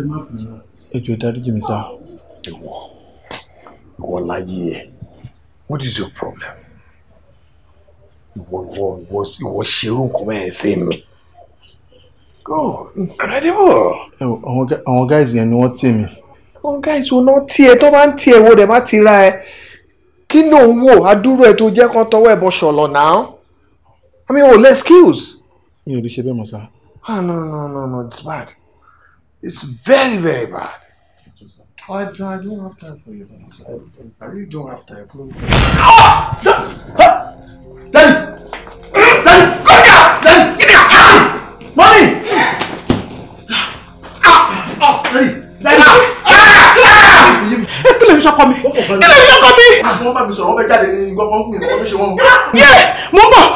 ẹ má mi sá. ìwọ ìwọ láyé ẹ what is your problem ìwọ ìwọ ìwọ ìwọ ṣerú nǹkan mẹ́rin sí mi. àwọn guys yẹn ni wọ́n tì mí. àwọn guys wo náà tí ẹ tó bá ń tí ẹ wo rẹ̀ má ti ra ẹ kí ló ń wò adúrú ẹ tó jẹ́ kán tọwọ́ ẹ̀ bọ́ ṣọ̀lọ̀ náà i mean o oh, less skills. mi ò lè ṣe bẹ́ẹ̀ mọ̀ sá. ah no no no no it's bad It's very, very bad. Oh, I, I don't have time for you. I really don't have time for you. Ah! Daddy! Daddy! Come here! Daddy! Give me a hand! Mommy! Ah! Oh! Daddy! Daddy! ah, lè fi ṣọkọ mi? Kí lè fi ṣọkọ mi? Àwọn ọmọ ah, mi sọ̀rọ̀ ọbẹ̀ jáde ní gbọ́gbọ́n mi, ọmọ mi ṣe wọ́n. Yẹ́! Mo ń bọ̀!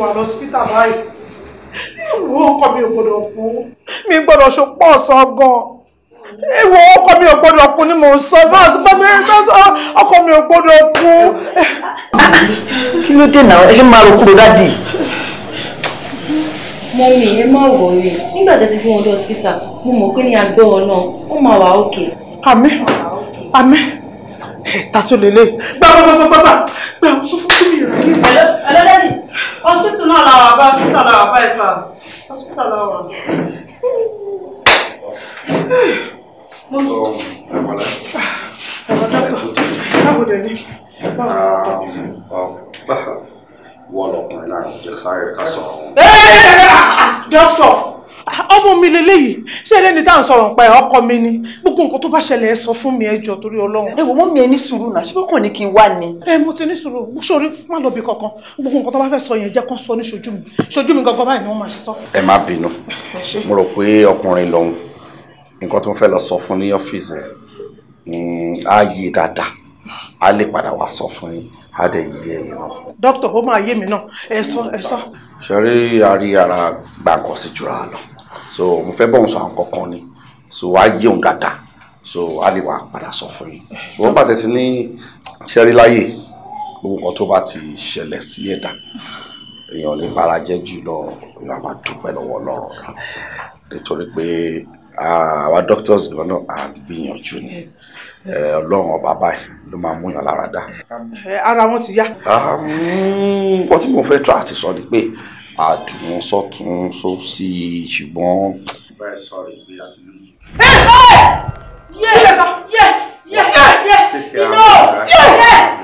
wà lọ́sípítà báyìí ìwọ ọkọ mi ò gbọdọ̀ kú. mi gbọdọ̀ ṣopọ̀ ọ̀sán gan ìwọ ọkọ mi ò gbọdọ̀ kú ni mò ń sọ bá ọsùn bábí ọkọ mi ò gbọdọ̀ kú. kí ló dé náà ẹ ṣe máa ro kúrò dádì. mọ́mí ẹ má wọrí nígbà tó ti fún wọn dé ọsípítà mo mọ̀ pé ní agbẹ́ ọ náà ó máa wà òkè. àmín àmín ta tó lélẹ̀ gbàgbàgbàgbàgbà gbà sọ fún mi ìrẹ̀lẹ̀. ọlọ́dẹ̀ hospital náà làwọn àbá hospital làwọn àbá ẹ̀ sà hospital làwọn. mọ́mí ẹ̀wọ̀n dọ́kítọ̀ báwo lè ní báwo. Ah, wọ́n lọkùnrin láàrin jẹ́ sáré ká sọ ọ̀hún. dókítà ọmọ mi lélẹ́yìí ṣé eré ni tá à ń sọ̀rọ̀ pa ẹ̀ ọkọ mi ni gbogbo nǹkan tó bá ṣẹlẹ̀ ẹ sọ fún mi ẹ jọ̀ọ́ torí ọlọ́run. ẹ wò wọ́n mi ẹ ní sùúrù náà ṣé bó kàn ní kí n wá ni. ẹ mo ti ní sùúrù sórí má lọ bí kankan gbogbo nǹkan tó bá fẹ́ sọ yẹn jẹ́ kán sọ ní ṣojú mi ṣojú mi gangan báyìí ni wọ́n máa ṣe sọ. ẹ má bínú mo rò pé ọkùnrin lòun nǹkan tó ń fẹ́ lọ sọ fún ní ọ́fíìsì ẹ̀ mm, á yí dáadáa á lè padà wá sọ fún yín á dẹ̀ yé ẹ̀yin náà. dókítà ó máa yé mi náà ẹ sọ ẹ sọ. ṣeré àárí ara gba nǹkan sí jura lọ so mo fẹ́ bọ̀ ń sọ àwọn kankan ni so wàá yé òun dáadáa so a lè wà padà sọ fún yín wọ́n bàtẹ́ ti ní ṣẹ́rí láyè gbogbo nǹkan tó bá ti ṣẹlẹ̀ sí ẹ̀dá èèyàn lè bára jẹ́ jùlọ èèyàn á máa dúpẹ́ lọ́wọ́ Ọlọ́run nítorí pé ah, àwa doctors gan náà à ń gbìyànjú ni ọlọ́run ọba báyìí ló máa mú yàn lára dá. ara wọn ti yá. nǹkan tí mo fẹ́ tra àti sọ ni pé àdùn sọ́tún sósì ṣùgbọ́n. bẹ́ẹ̀ sọ̀rọ̀ ìgbé àti lóyún. ẹ ẹ yẹ yẹ yẹ yẹ yẹ yẹ.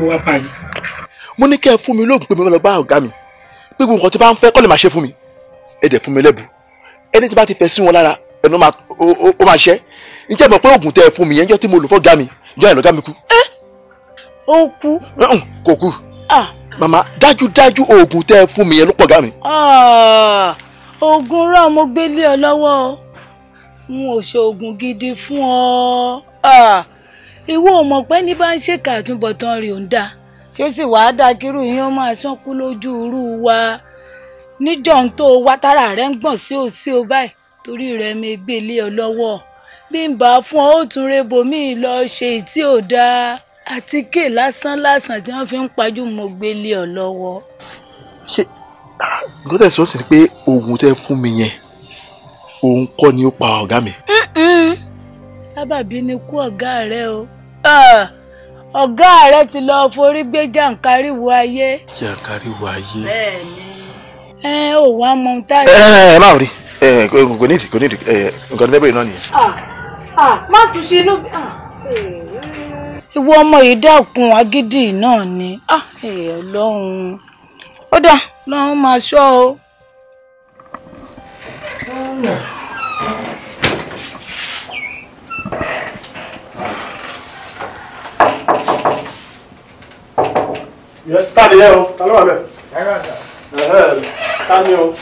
mo wá bá yín. mo ní kẹ́ ẹ fún mi lóògùn pé mo fẹ́ lọ bá ọ̀gá mi pé gbogbo nǹkan tí bá ń fẹ́ kọ́ lè máa ṣe fún mi ẹ dẹ̀ fún mi lẹ́bù ẹni tí bá ti fẹ́ sí wọn lára ẹnu ó máa ṣẹ́ ǹjẹ́ mọ̀ pé oògùn tẹ́ ẹ fún mi yẹn jọ́ tí mo lò fọ́gá mi jọ́ ẹ̀ lọ́gá mi kú. ẹ ó kú. kò kú màmá dájúdájú oògùn tẹ́ ẹ fún mi yẹn ló pọ̀gá mi. oògùn rán mo gbélé ọ lọ́wọ́ n ò ṣe oògùn gidi fún ọ ìwọ ò mọ̀ pé ní bá ń ṣèkà àtúbọ̀tán rẹ̀ ò ń dà tí ó sì wàá dà kírú yín ó máa sánkú lójú irú wa níjọ́n tó wá tára rẹ̀ ń gbọ̀n sí òsì ó báyìí torí rẹ̀ mi gbé lé ọ lọ́wọ́ bí n bá fún ọ ó tún rebo mi lọ ṣe tí ò dáa àtíkè lásán lásán tí wọ́n fi ń pajú mo gbé lé ọ lọ́wọ́. ṣé nǹkan tẹ̀sán sì ni pé oògùn tẹ́ fún mi yẹn òun kọ́ ni ó pa ọ̀gá mi. sábàbí ni kú ọ̀gá rẹ o. Ah, ọ̀gá rẹ ti lọ forí gbé jàǹkáríwò ayé. jàǹkáríwò ayé. bẹ́ẹ̀ni. ẹ ò wá mọ ohun tá a. ẹ ẹ máa rí ẹ kò ní ìdí kò ní ìdí nǹkan tó dẹ́bẹ̀rẹ̀ náà nìyẹn. Ah, ah, má tún ṣe inú. Eh, eh. ìwọ ọmọ yìí dákun agídí náà ni eh, ọlọ́run ó dà lọ́run máa ṣọ́ o. Mm. yẹn táàdì yẹn o ta ló wà bẹ́ẹ̀. tani o.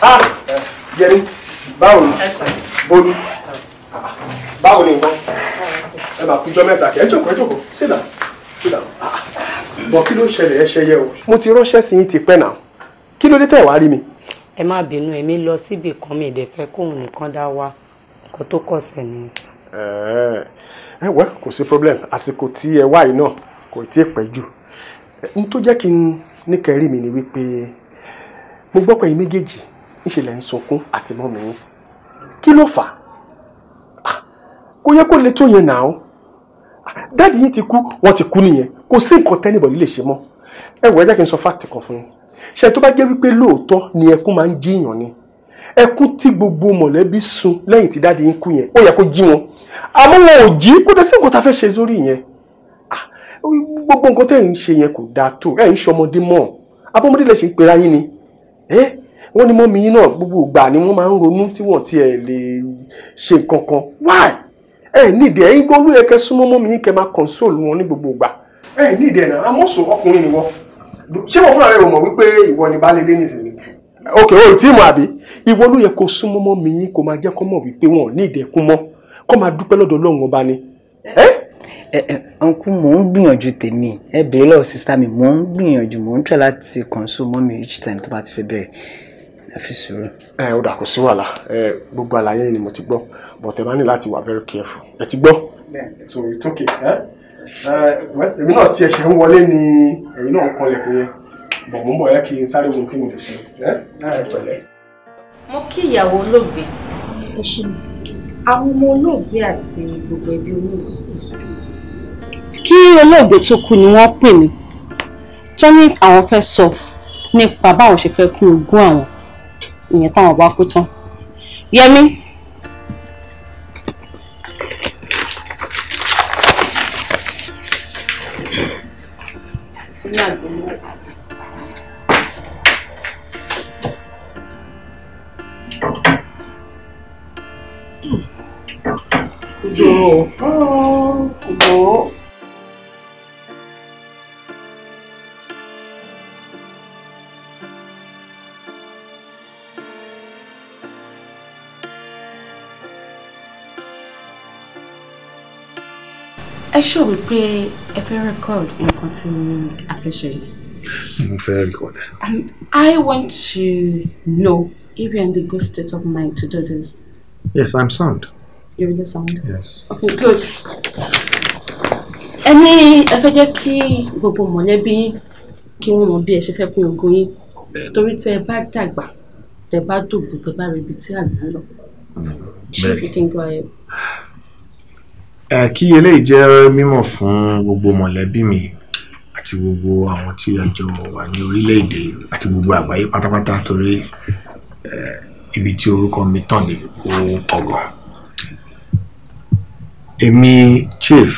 a jẹni báwo ni bolu báwo ni nǹkan ẹ máa kú jọ mẹ́ta kẹ́ ẹ jókòó ẹ jókòó sídà sídà bọ̀ kí ló ń ṣẹlẹ̀ ẹ ṣe yẹ o. mo ti ránṣẹ́ sí yín ti pẹ́ náà kí ló dé tẹ̀ wá rí mi. ẹ má bínú èmi lọ síbi kan mi ìdẹ́fẹ́ kóun nìkan dá wa nǹkan tó kọ̀ sẹ́ni. ẹ ẹ wẹ kò sí problem àsìkò tí ẹ wá yìí náà kò tí ì pẹ́ jù n tó jẹ́ kí n níkẹrí mi ni wípé mo gbọ́ pé méjèèjì níṣẹ́ lẹ́ ń sunkún àti mọ́ mi kí ló fà á ah, kò yẹ kó le tó yẹn náà dáàdi yìí ti kú wọ́n ti kú nìyẹn kò sí nǹkan tẹ́nìbọ̀dì lè ṣe mọ́ ẹ wò ẹ jẹ́ kí n sọ fáàtì kan fún yín ṣe tó bá jẹ́ wípé lóòótọ́ ni ẹkún máa ń jíyàn ni ẹkún tí gbogbo mọ̀lẹ́bí sun lẹ́yìn tí dáàdi yín kú yẹn ó yẹ kó jí wọn àmọ́ wọn ò jí kó dé sí nǹkan tá a fẹ́ ṣe sórí yẹn gbogbo nǹkan tẹ́ ẹ̀ ń ṣe yẹn kò dáa tó ẹ̀ ń ṣe ọmọdé mọ́ abọ́mọdé lè ṣe ń pera yín ni wọ́n ní mọ́mí yín náà gbogbo ìgbà ni wọ́n máa ń ronú tí wọ́n ti ẹ̀ lè ṣe nǹkan kan why ẹ nídìí ẹ̀yin gan ló yẹ kẹ́ súnmọ́ mọ́mí yín kẹ́ máa console wọn ní gbogbo ìgbà ẹ nídìí ẹ̀ náà amọ́sùn ọkùnrin ni wọ́n ṣé wọ́n fúnra rẹ̀ wọ̀ mọ̀ wípé ìwọ ni baálé lé nìsín ok o tí mo àbí ìwọ ló yẹ kó súnmọ́ mọ́mí yín kó máa jẹ́ kó mọ̀ wípé wọn ò ní ìdẹ̀kùn mọ́ kó máa dúpẹ́ lọ́dọ̀ Ọlọ́run ọba ni ẹ́ ẹ ẹ ọ̀nkú mò ń gbìyànjú tèmi ẹ bèrè lọ́wọ́ sísá mi mò ń gbìyànjú mò ń tẹ̀ láti console mọ́ mi each time tó bá ti fẹ́ bẹ̀rẹ̀ ẹ fi sùúrù. ẹ ó dà kò sí wàhálà ẹ gbogbo àlàyé yìí ni mo ti gbọ́ but ẹ máa ní láti wà very careful ẹ ti gbọ́. so it's okay ẹ èmi náà tí ẹsẹ̀ ń wọlé ni ẹ̀yin náà ń kanlẹ̀kùn yẹn bọ̀ mo ń bọ̀ yẹ kí n sáré wo tí mo lè ṣe ẹ ẹ pẹ̀lẹ́. mo kí ìyàwó olóògbé àwọn ọmọ olóògbé àti gbogbo ẹbí olóògbé kí olóògbé tó kú ni wọ́n pè mí tó ní àwọn fẹ́ sọ nípa báwọn ṣe fẹ́ kún ogún àwọn ìyẹn táwọn bá kú tán Yẹmí ẹ ṣọ́ wípé ẹ fẹ́ record nǹkan tí a fẹ́ ṣe yìí. mo fẹ́ record. and I want to know if you are in the good state of mind to do this. yes I'm sound. You really sound. yes. okay good. ẹ ní ẹ fẹ́ jẹ́ kí gbogbo mọ̀lẹ́bí kí wọ́n mọ bí ẹ ṣe fẹ́ pín ogún yín torí tẹ ẹ bá dàgbà tẹ bá dògbò tẹ bá rebi tí àgbà lọ. Mm, bẹ́ẹ̀ ẹ kí eléyìí jẹ́ mímọ̀ fún gbogbo mọ̀lẹ́bí mi àti gbogbo àwọn tí a jọ wà ní orílẹ̀-èdè àti gbogbo àgbáyé pátápátá torí ibi tí orúkọ mi tàn lè kó ọgọ. èmi Chief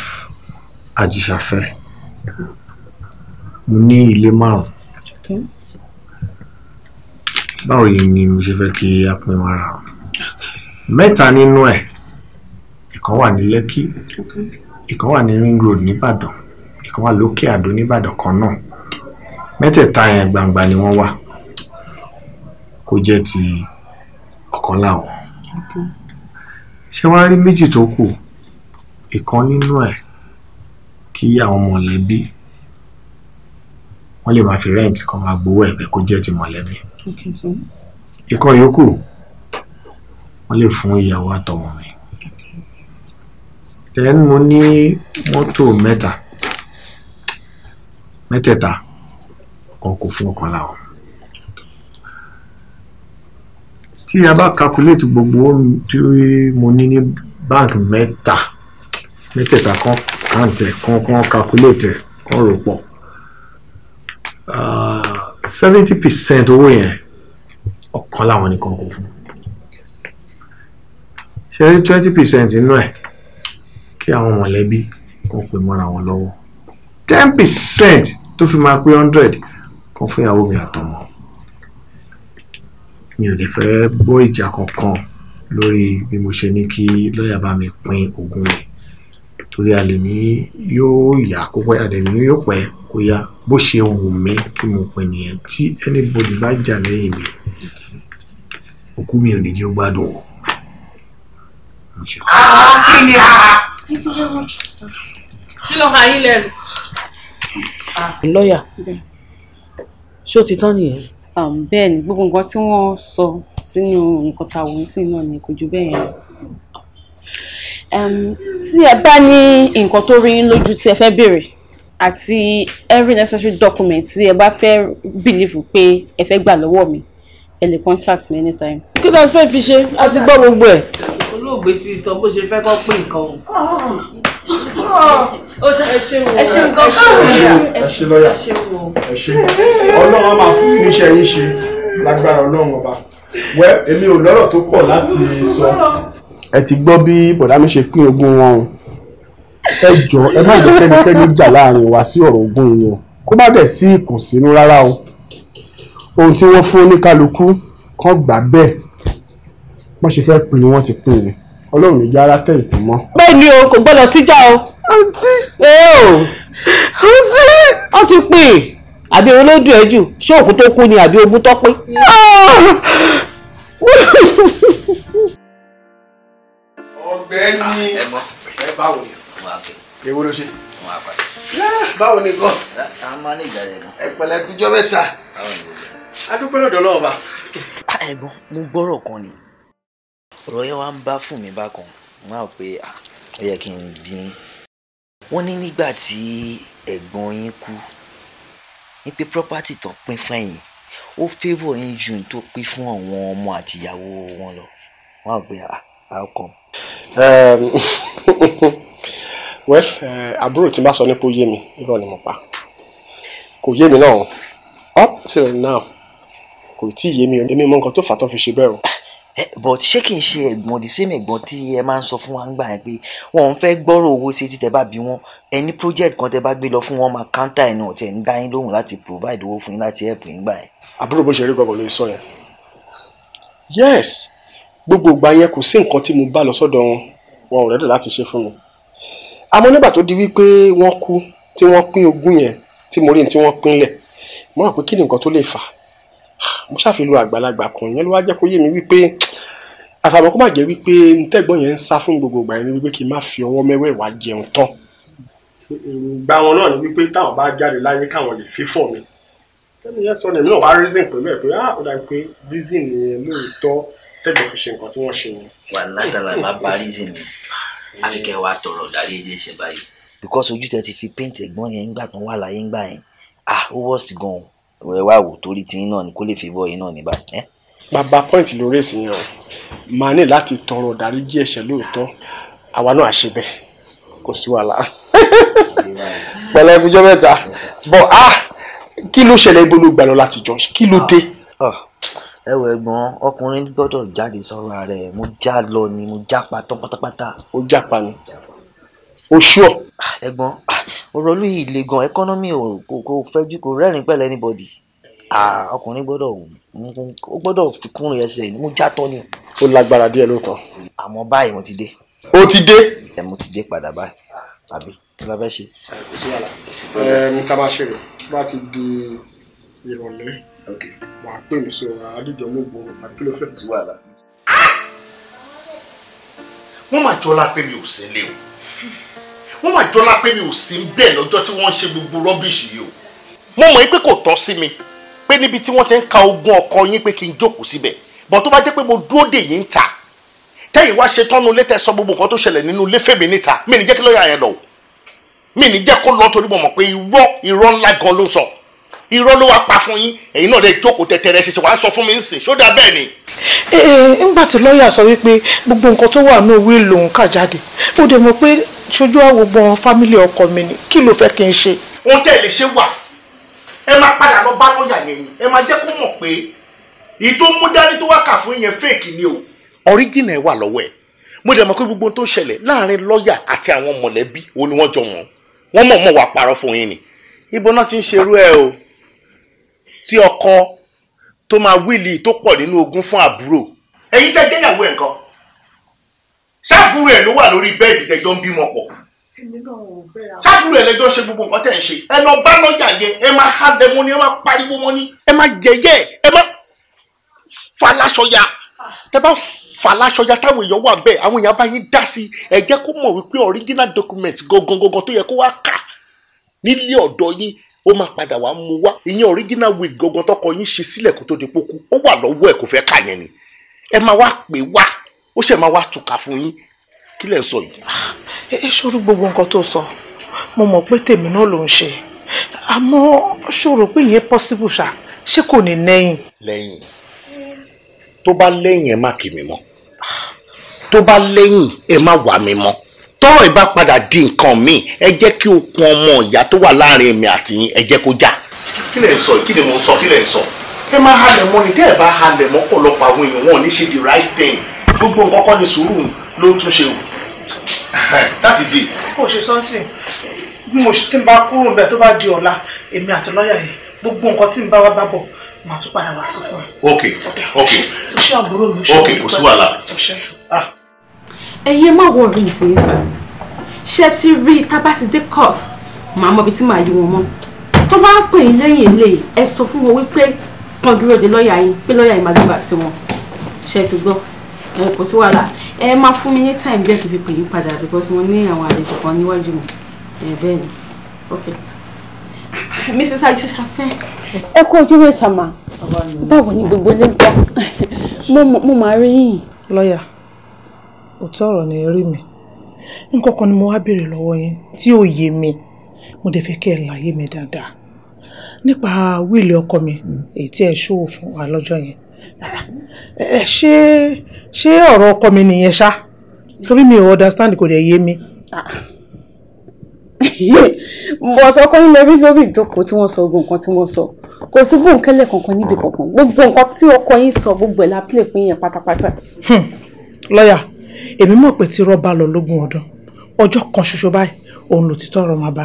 Ajíṣafẹ́ mo ní ilé márùn-ún báwo ni mo ṣe fẹ́ kí a pín wàrà mẹ́ta nínú ẹ̀ ìkan wà ní Lẹ́kì ìkan wà ní Ring Road nìbàdàn ìkan wà lókè àdó nìbàdàn kan náà mẹ́tẹ̀ẹ̀ta yẹn gbangba ni wọ́n wà kó jẹ́ ti ọ̀kan láwọn ṣé wàá rí méjì tó kù ìkan nínú ẹ̀ kí àwọn mọ̀lẹ́bí wọ́n lè máa fi rẹ́ǹtì kan máa gbowó ẹ̀bẹ̀ kó jẹ́ ti mọ̀lẹ́bí ìkan yòókù wọ́n lè fún ìyàwó àtọmọ mi then mo ní mọ́tò mẹ́ta mẹ́tẹ̀ẹ̀ta kan kò fún ọkàn láwọn tí a bá calculate gbogbo tí mo ní ní bank mẹ́ta mẹ́tẹ̀ẹ̀ta kan kàǹtẹ̀ kan kan calculate kan rò pọ̀ ah, seventy percent owó yẹn ọkàn láwọn nìkan kò fún ṣe twenty percent inú ẹ̀ kí àwọn mọ̀lẹ́bí kan pè mọ́ra wọn lọ́wọ́ ten percent tó fi máa pé hundred kan fún ìyàwó mi àtọmọ mi ò lè fẹ́ bọ́ ìjà kankan lórí bí mo ṣe ní kí lọ́ọ̀yà bá mi pín ogún mi torí a lè ní yóò yá kó pẹ́ àdẹ̀mí yóò pẹ́ kó yá bó ṣe wù mí kí mo pè nìyẹn tí anybody bá jà lẹ́yìn mi òkú mi ò ní jẹ́ ó gbádùn o. Ah, kí ni a. Ah, ah kí ló ha yín lẹ́nu. Ah, lọ́ọ̀yà ṣó ti tán nìyẹn. Um, bẹ́ẹ̀ ni gbogbo nǹkan tí wọ́n sọ sínú nǹkan tá a wò sí náà ni kò ju bẹ́ẹ̀ yẹn um, tí ẹ bá ní nǹkan tó rí lójú tí ẹ fẹ́ béèrè àti every necessary document tí ẹ bá fẹ́ believe pé ẹ fẹ́ gbà lọ́wọ́ mi ẹ lè contact me anytime. kí ló ń fẹ́ fi ṣe a ti gbọ́ gbogbo ẹ̀ olóògbé ti sọ bó ṣe fẹ́ kọ́ pé nǹkan o. Ah, ah, ẹ ṣeun o ẹ ṣeun lọ́yà ẹ ṣe ọlọ́run máa fún iṣẹ́ yín ṣe lágbára ọlọ́run ọba wẹ́ èmi ò lọ́rọ̀ tó pọ̀ láti sọ. ẹ ti gbọ́ bí bọ̀dá ṣe pín ogún wọn o ẹ jọ ẹ má jẹ́ kẹ́nikẹ́ni jà láàrin wa sí ọ̀rọ̀ ogún yìí o kó má dẹ̀ sí ìkùnsínú rárá o ohun tí wọ́n fún oníkálukú kan gbà bẹ́ẹ̀ bọ́n ṣe fẹ́ pin ni wọ́n ti pin ni ọlọ́run ìjà ara tẹ̀ ìtàn mọ́. bẹ́ẹ̀ ni o kò gbọ́dọ̀ síjà o. àǹtí. àǹtí. wọ́n ti pin àbí olódùn ẹ̀ jù ṣé òkú tó kú ni àbí ogún tó pín. Ah! ọ̀gbẹ́ni ah, ẹ báwo ni èwo ló ṣe. Ah, báwo ni gan. a máa ní ìjà yẹn gan. ẹ̀pẹ̀lẹ̀ kújọ́ mẹ́ta. a dúpẹ́ lọ́dọ̀ lọ́wọ́ bá. ẹ̀gbọ́n mo gbọ́rọ̀ kan ni ọ̀rọ̀ yẹn wá ń bá fún mi bákan wọn á pé ah, ó yẹ kí n bí yín. wọ́n ní nígbà tí ẹ̀gbọ́n yín kú ní pé property tán pín fẹ́yìn ó favour yín ju ní tó pín fún àwọn ọmọ àtìyàwó wọn lọ wọn á pé ah, how come. well àbúrò tí n bá sọ nípa ó yé mi irọ́ ni mo pa kò yé mi náà up till now kò tí ì yé mi èmi mọ nǹkan tó fà tó fi ṣe bẹ́ẹ̀ o. Eh, but ṣé kì í ṣe ẹ̀gbọ́n the same ẹ̀gbọ́n tí ẹ máa ń sọ fún wa ń gbà yẹn pé wọn ò fẹ́ gbọ́rọ̀ owó sí títẹ bá bí wọn ẹni project kan tẹ bá gbé lọ fún wọn máa counter ẹ̀ náà tẹ̀ ń dá yín lóhùn láti provide owó fún yín láti help yín gbà yẹn. àbúrò bó ṣe rí gbọ̀ngàn ló sọ yẹn. yes gbogbo ìgbà yẹn kò sí nǹkan tí mo bá lọ sọ́dọ̀ wọn wọn ò rẹ́dẹ̀ láti ṣe fún mi. àmọ́ nígbà tó di wípé wọ́n kú tí wọ́n pín ogún yẹn tí mo rí ní tí wọ́n pín lẹ̀ mo rò pé kí ni nǹkan tó lè fà ah, mo ṣàfihàn àgbàlagbà kan yẹn ló wá jẹ́ kó yé mi wípé àfàmọ́ kó má jẹ́ wípé ntẹ́gbọ́n yẹn ń sá fún gbogbo ìgbà yẹn ni wípé kí n má fi ọwọ́ mẹ́wẹ̀ẹ̀wá jẹun tán. ìgbà wọn náà ni wípé táwọn bá jáde láyé káwọn lè fi fọ̀ mi tẹ́lẹ̀ yẹn sọ ni èmi náà wá reason pẹ̀lú ẹ̀ pé ah ó dàbí pé reason yẹn lóòótọ́ tẹ́gbọ́n fi ṣe nǹkan tí wọ́n ṣe yẹn. wà látara má bá reason mi àfikẹ́ wa tọrọ dárí ilé ṣe báyìí. because ojú tẹ ti fi paint ẹ̀gbọ́n yẹn ńgbà tán wà láyé ńgbà yẹn ah ó wọ́ọ̀sì gan-an ẹ wá wò torí tiyín náà ni kó lè fi bọ́ bàbá point lórí èsì yẹn o màá ní láti tọrọ dáríjì ẹ̀ṣẹ̀ lóòótọ́ àwa náà ṣe bẹ́ẹ̀ kò sí wàhálà pẹ̀lẹ́ ìfijọ́ mẹ́ta bọ́ a ah, kí ló ṣẹlẹ̀ ibo ló gbà lọ láti jọ kí ló dé. Ah, ah. ẹ wọ ẹ̀gbọ́n ọkùnrin gbọ́dọ̀ jáde sọ̀rọ̀ rẹ̀ mo já lọ ni mo já pa tán pátápátá. ó já pa ni oṣù ọ. ẹ̀gbọ́n ọ̀rọ̀ olú yìí le gan o, kò fẹjú kò rẹ́rìn pẹ̀lẹ́ anybody ọkùnrin gbọ́dọ̀ ó gbọ́dọ̀ fi kún rẹ̀ ṣe ìmú jàtọ̀ ni. ó lágbára díẹ̀ lóòótọ́. àmọ́ báyìí mo ti dé. ó ti dé. ẹ mo ti dé padà báyìí tàbí kí la fẹ́ ṣe. ẹ ní ká máa ṣe rẹ̀ bá ti di ìrọ̀lẹ́ wà á pè mí sọ àdìjọ mú gbòòrò àti ló fẹ́. Ah! wọ́n máa jọ́lá pé mi ò sí ilé o wọ́n máa jọ́lá pé mi ò sí bẹ́ẹ̀ lọ́jọ́ tí wọ́n ń ṣe gbogbo rọ́bìṣì yìí o mo mọ̀ pé kò tọ́ sí mi pé níbi tí wọ́n ti ń ka ogún ọkọ yín pé kí n jókòó síbẹ̀ bọ̀ tó bá jẹ́ pé mo dúró dè yín ta tẹ́yìn wá ṣe tán nu ilé tẹ́ sọ gbogbo nǹkan tó ṣẹlẹ̀ nínú ilé fèmí níta mi ní jẹ́ kí lọ́ọ̀yà yẹn lọ mi ní jẹ́ kó lọ torí mo mọ̀ pé irọ́ irọ́ ńlá gan ló sọ irọ́ ló wá pa fún yín ẹ̀yin náà lè jókòó tẹ̀tẹ̀rẹ̀ ṣẹṣẹ wàá sọ fún mi nsìn ṣó dáa bẹ́ẹ̀ ni. ẹ ẹ ńgbà tí lọ́ọ̀yà sọ wípé gbogbo nǹkan tó wà ní òwe lòun kà jáde mo dẹ̀ mọ̀ pé ṣojú àwọn gbọ̀n ọkọ mi ni kí ló fẹ́ kí n ṣe. ohun tẹ́ ẹ lè ṣe wà ẹ máa padà lọ bá lọ́ọ̀yà yẹn ni ẹ máa jẹ́ kó mọ̀ pé ìtò mú dání tó wá kà fún yẹn fake ni o. ọ̀ríjìnà ẹ̀ wà lọ́wọ́ ẹ̀ mo dẹ̀ mọ̀ pé gbogbo tó ṣẹlẹ̀ láàrin lọ́ọ̀yà àti àwọn mọ̀lẹ́bí wo ni wọ́n jọ wọ́n wọ́n mọ̀ mọ̀ wà parọ́ fún yín ni ibo náà ti ń ṣerú ẹ o tí ọkọ tó máa wíìlì tó pọ̀ nínú ogún fún àbúrò. ẹ̀yin tẹ́ jẹ́yàwó ẹ̀ nǹkan ṣáàbùrù ẹ̀ ló wà lórí bẹ́ẹ̀dì tẹ́jọ́ ń bímọ pọ̀ ṣáàdúró ẹ lẹjọ ṣe gbogbo nǹkan tẹ ẹ ṣe ẹ lọ bá lọjà yẹ ẹ máa há dẹmọ ni ẹ máa pariwo mọ ni ẹ máa jẹjẹ ẹ máa falasọya ah. tẹ bá falasọya táwọn èèyàn wà bẹ́ẹ̀ àwọn èèyàn bá yín dá sí ẹ jẹ́ kó mọ̀ wípé original document gangan gangan tó yẹ kó wá kà nílé ọ̀dọ̀ yín ó máa padà wá mú wá ìyẹn original wig gangan tọkọ yín ṣe sílẹ̀ kó tó di pókú ó wà lọ́wọ́ ẹ̀ kò fẹ́ kà yẹn ni ẹ máa wá pè wá ó ṣẹ̀ máa wá tùkà fún yín kí lẹ̀ sọ yìí. Ah, ẹ ṣòro gbogbo nǹkan tó sọ mo mọ̀ pé tèmi náà ló ń ṣe àmọ́ ṣòro pé ìyẹn possible ṣá ṣé kò ní lẹ́yìn. lẹ́yìn tó bá lẹ́yìn ẹ má kì mí mọ́ tó bá lẹ́yìn ẹ má wà mí mọ́ tọ́rọ̀ ìbá padà di nǹkan míì ẹ jẹ́ kí okun ọmọ ìyá tó wà láàrin èmi àti yín ẹ jẹ́ kó já. kí lẹ̀ sọ kí ni mo sọ kí lẹ̀ sọ ẹ máa halẹ̀ mọ́ ni tẹ́ ẹ bá halẹ̀ mọ́ pọ̀lọpọ̀ àwọn èèyàn wọn ò ní ṣe the right thing gbogbo nǹkan kọ́ ni sùúrù ló ń tún ṣe o that is it. kò ṣe something bí mo ti ń bá kúrò bẹ́ẹ̀ tó bá di ọ̀la èmi àti lọ́ọ̀yà yìí gbogbo nǹkan tí ń bá wa bá bọ̀ màá tún padà wá sọ fún ẹ. ok ok o ṣe àbúrò mi ṣe ok kò sí wàhálà. Ah. ẹyẹ má wọ orí ìtì yín sàn ṣé ti rí tábàtìdé court màá mọ ibi tí màá yí wọn mọ tó bá ń pè yín lẹ́yìn ilé ẹ sọ fún wọn wípé kan dúró de lọ́ọ̀yà yín pé lọ́ọ̀yà yín máa gbé bàtí wọn ṣe é ti gbọ́ kò sí wàhálà ẹ máa fún mi ní time díẹ̀ kí n fi padà because mo ní àwọn àlejò kan níwájú mi ẹ bẹ́ẹ̀ ni ok mrs ajisha fẹ́. ẹ kú ojú mẹ́ta mà báwo ni gbogbo ilé ń kọ́ mo máa rí yìí. lọ́ọ̀yà òótọ́ ọ̀rọ̀ ni ẹ rí mi nǹkan kan ni mo wá béèrè lọ́wọ́ yín tí ò yé mi mo dẹ̀ fẹ́ kẹ́ ẹ láyé mi dáadáa nípa wíìlì ọkọ mi hmm. èyí tí ẹ ṣòwò fún wa lọ́jọ́ yẹn ẹ eh, ṣé ṣé ọ̀rọ̀ ọkọ mi nìyẹn ṣá torí mi ò understand kò dẹ̀ yé mi. but ọkọ yín lè rí lórí ìjókòó tí wọ́n sọ gbogbo nǹkan tí wọ́n sọ kò sí bòńkẹ́lẹ̀ kankan níbi kankan gbogbo nǹkan tí ọkọ yín sọ gbogbo ẹ̀ la play fún yẹn pátápátá. Hmm. lọ́yà èmi mọ̀ pé tí rọ́bà lọ lógún ọdún ọjọ́ kan ṣoṣo báyìí òun ló ti tọrọ máa bá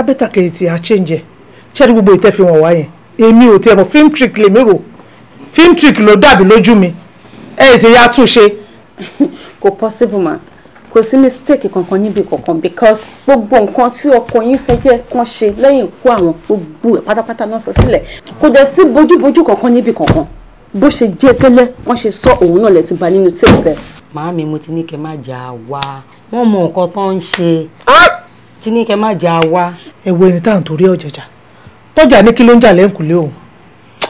abẹ́tàkẹ́yì ti àchẹ́ǹjẹ́ ṣẹ́ni gbogbo ìtẹ́fihàn wáyẹn èmi ò tiẹ̀ mọ̀ film lèmi rò fintric ló dàbí lójú mi ẹ ètè ya túnṣe. kò possible ma kò sí mistake kankan níbi kankan because gbogbo nǹkan tí ọkọ yín fẹ́ jẹ́ kán ṣe lẹ́yìn ikú àwọn gbogbo ẹ̀ pátápátá náà sọ sílẹ̀ kò dẹ̀ sí bójúbójú kankan níbi kankan bó ṣe jẹ́ kẹ́lẹ́ wọ́n ṣe sọ òun náà lẹ ti bá nínú tape rẹ̀. màámi mo ti ní kẹ́ má jà wá wọ́n mọ nǹkan tó ń ṣe ti ní kẹ́ má jà wá. ẹ wo ẹni tá à ń torí ọ̀jọ̀jà tọ́jà ní kí ló ń jà lẹ́ǹkùlé òun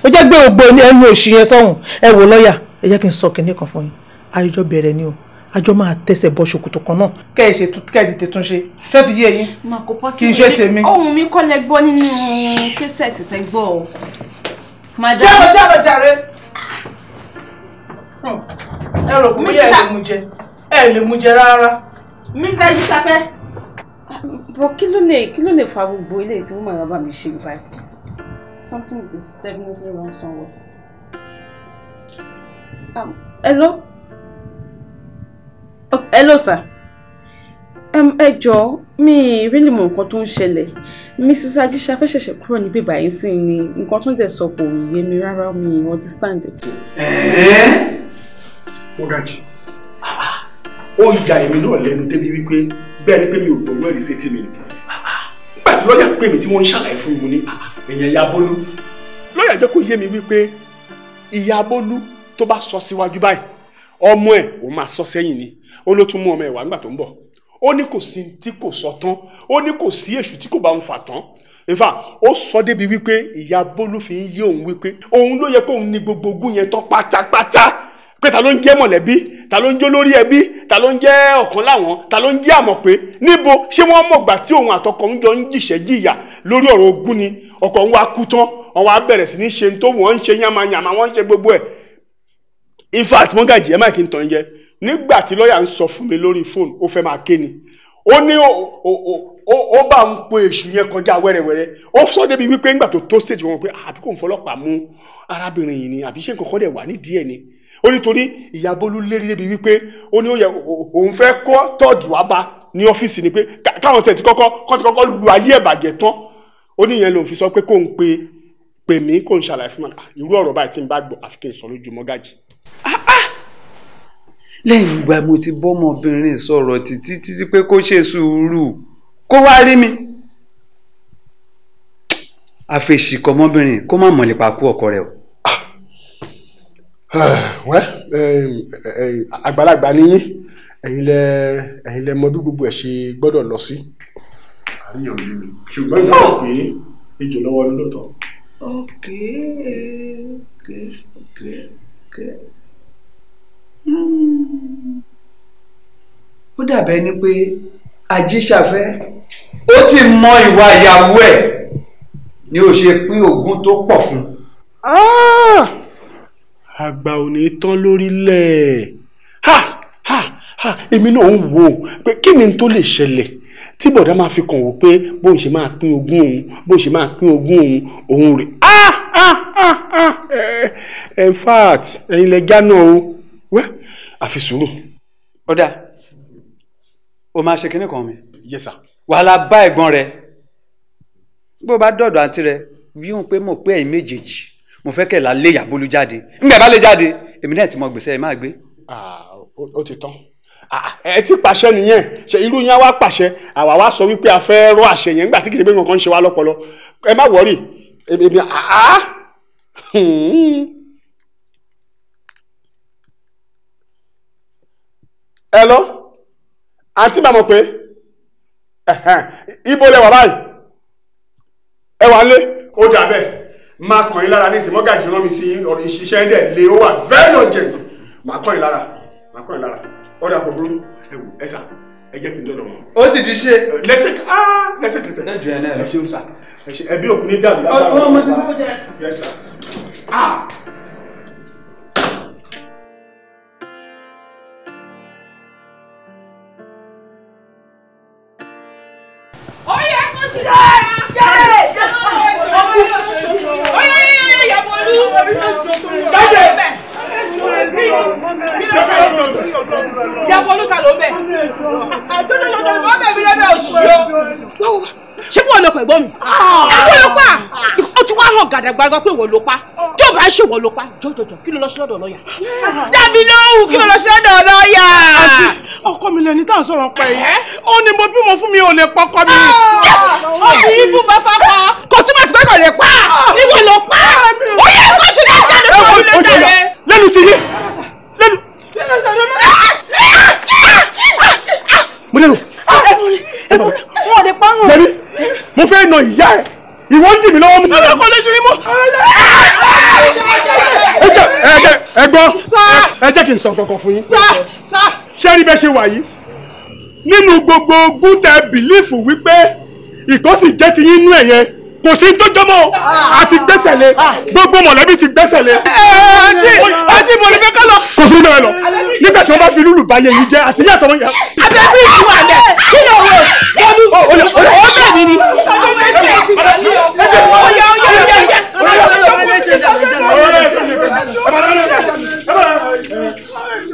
ó jẹ́ gbé ògbó ẹnu òṣì yẹn sọ́hùn ẹ wò lọ́ọ̀yà ẹ jẹ́ kí n sọ kinní kan fún yín àjọ bẹ̀rẹ̀ ni o àjọ máa tẹsẹ̀ bọ ṣòkòtò kan náà kẹ́ ẹ ṣe kẹ́ ẹ tètè tún ṣe ṣé ó ti yé yín kì í ṣe tèmi. ohun mi kọ́ lẹ gbọ́ nínú kẹsẹ̀tì tẹ gbọ́ o. jẹ́rọ jẹ́rọ jàre ẹ rò pé ẹ lè mú jẹ ẹ lè mú jẹ rárá. mísà yìí ṣafẹ́. bọ kí ló lè kí ló lè fa gbogbo eléyìí tí mo mi ṣe báyìí. Something is definitely wrong somewhere. Um, hello? Oh, hello, sir. Um, ẹ jọ̀ọ́ mi really mọ nǹkan tó ń ṣẹlẹ̀ Mrs. Adisha fẹ́ ṣẹ̀ṣẹ̀ kúrò níbí báyìí sí ni nǹkan tó ń dẹ̀ sọ kò yé mi rárá mi understand. ó ga jù ó ya èmi náà lẹ́nu débi wípé bẹ́ẹ̀ ni pé mi ò gbọ́ wẹ́rì sétí mi nìkan tí lọ́ọ̀yà pè mí tí wọ́n ń ṣàlàyé fún mi mo ní èèyàn ah, ah, ìyá bólú lọ́ọ̀yà jẹ́ kó yé mi wípé ìyá bólú tó bá sọ síwájú báyìí ọmọ ẹ̀ ò máa sọ sẹ́yìn ni ó ló tún mú ọmọ ẹ̀ wá nígbà tó ń bọ̀ ó ní kò sí tí kò sọ tán ó ní kò sí èṣù tí kò bá ń fà tán in fact ó sọ débi wípé ìyá bólú fi ń yé òun wípé òun ló yẹ kóun ní gbogbo ogún yẹn tán pátápátá pé ta ló ń jẹ́ mọ̀lẹ́bí ta ló ń jẹ́ olórí ẹbí ta ló ń jẹ́ ọ̀kan láwọn ta ló ń jẹ́ àmọ̀pé níbo ṣé wọ́n mọ̀gbà tí òun àtọkọ ń jọ ń jìṣẹ́ jìyà lórí ọ̀rọ̀ ogún ni ọkọ ń wá kú tán wọn wá bẹ̀rẹ̀ sí ní ṣe tó wọ́n ń ṣe yàmàyàmà wọ́n ń ṣe gbogbo ẹ̀ in fact mọ́gàjì ẹ̀ má kí n tàn jẹ nígbà tí lọ́ọ̀yà ń sọ fún mi lórí fóònù ó fẹ́ máa ké ni ó ní ó bá ó sọ ni àbí ni ó nítorí ìyá Bólú lérí débi wípé ó ní ó yẹ òun fẹ́ kó tọ́ọ̀gì wá bá ní ọ́fíìsì ni pé káwọn tẹ̀ ti kọ́kọ́ kọ́ ti kọ́kọ́ lu ayé ẹ̀bàjẹ́ tán ó ní ìyẹn lòun fi sọ pé kó ń pe pè mí kó ń ṣàlàyé fún mi irú ọ̀rọ̀ báyìí tí n bá gbọ́ àfi kí n sọ lójú mọ́gàjì. lẹ́yìn ìgbà mo ti bọ́mọbìnrin sọ̀rọ̀ títí títí pé kó ṣe sùúrù kó wá rí mi àfẹ̀sìkọ́mọbìnrin kó má mọ̀lẹ́pàá kú ọkọ rẹ̀ o. well um, um, àgbàlagbà ni yín ẹ̀yin lẹ ẹ̀yin lẹ mọ bí gbogbo ẹ̀ ṣe gbọ́dọ̀ lọ sí. àríyàn mi ṣùgbọ́n ìyá rẹ̀ pé ìjò lọ́wọ́ ló lọ́tọ̀. ok ok ok ok. Hmm. ó dàbẹ́ ni pé ajíṣàfẹ́ ó ti mọ ìwà ìyàwó ẹ̀ ni ó ṣe pín ogún tó pọ̀ fún un. Ah! àgbà ò ní tán lórílẹ̀ ha ha ha èmi náà ń wò ó pé kí ni tó lè ṣẹlẹ̀ tí bọ̀dá máa fi kàn wò pé bóun ṣe máa pín ogún òun bóun ṣe máa pín ogún òun òun rè ah ah ah ah in fact ẹ̀yin lẹ gánà o wẹ́ àfi sùúrù. ọ̀dà o máa ṣe kinní kan mi. yes sir. wàhálà bá ẹ̀gbọ́n rẹ bó bá dọ̀dọ̀ àǹtí rẹ bí wọn pé mọ̀ pé ẹ̀yin méjèèjì mo fẹ́ kẹ́ la lé ìyàbolu jáde nígbà bá jáde èmi náà ti mọ ti tán ẹ ti pàṣẹ nìyẹn ṣe irú yẹn wá pàṣẹ àwa sọ wípé a fẹ́ rọ àṣẹ yẹn nígbà tí kìí ṣe wá ẹ má èmi àá. ẹ lọ àǹtí màmọ pé ibo máa kàn yín lára ní ìsìn mọ́gàjì rán mi sí ọ̀rọ̀ ìṣiṣẹ́ ẹ̀dẹ̀ lé ó wà very urgent máa kàn yín lára máa kàn yín lára ọ̀dà kò burú ẹ̀wù ẹ̀sà ẹ jẹ́ kí n dọ́dọ̀ wọn. ó sì ti ṣe. lẹ́sẹ̀ ah lẹ́sẹ̀ kẹsẹ̀. ẹ jù ẹ náà ẹ ṣeun sà ẹbí òkú ní dàbí lágbára. ọ̀dọ́ ọmọ tí wọ́n jẹ. yes sir. ah. ó yẹ kó ṣe dáa dájẹ́ yàgò olúkà ló bẹ̀ àjọyọ̀dọ̀ ló bẹ̀ mí lẹ́bẹ̀ oṣù yó. ṣé wọ́n lọ pẹ̀gbọ́n mi wọ́n lọ pa ó ti wá hàn gàdàgbàgbà pé wọ́n ló pa tó bá ṣe wọ́n ló pa jọjọjọ kí ló lọ sí lọ́dọ̀ lọ́ọ̀yà. dábì lóhùn kí ló lọ sí lọ́dọ̀ lọ́ọ̀yà. àti ọkọ mi lẹni tá à ń sọ̀rọ̀ pa yìí ó ní mo bímọ fún mi ò lè pọkọ mi. obìnrin fún bá fọkọ kò túmọ̀ sí pé kò lè pa ìwọ ló pa ó yẹ kó ṣe dáadáa lóko ìlú dáadáa lẹ́nu ti yín lẹ́nu. mo lẹ́nu. wọn ò lè pa wọn. lẹ́nu mo fẹ́ nà ìyá ẹ̀ ìwọ ń dì mí lọ́wọ́ mú. ọlọ́run kò lè ju imú. ẹ jẹ ẹ jẹ ẹ gbọ́ ẹ jẹ́ kí n sọ kankan fún yín. ṣé rí bẹ́ẹ̀ ṣe wà yìí nínú gbogbo ogún tẹ bìlífù wípé ìkọ́sì jẹ́ ti yín nú ẹ̀yẹn kò sí tó jọmọ́ a ti gbẹ́sẹ̀ lé ah. gbogbo mọ̀lẹ́bí ti gbẹ́sẹ̀ lé. àti mọ̀lẹ́bí kọ́ lọ. kò sí ìdọ̀rẹ́ lọ nígbà tí wọ́n bá fi lùlù báyé yìí jẹ́ àti yàtọ̀ wọn yà. abẹ́bí ìlú àlẹ́ kí ló wọ ọdún ọwọ́ bẹ́ẹ̀ mi ni. ọ̀rẹ́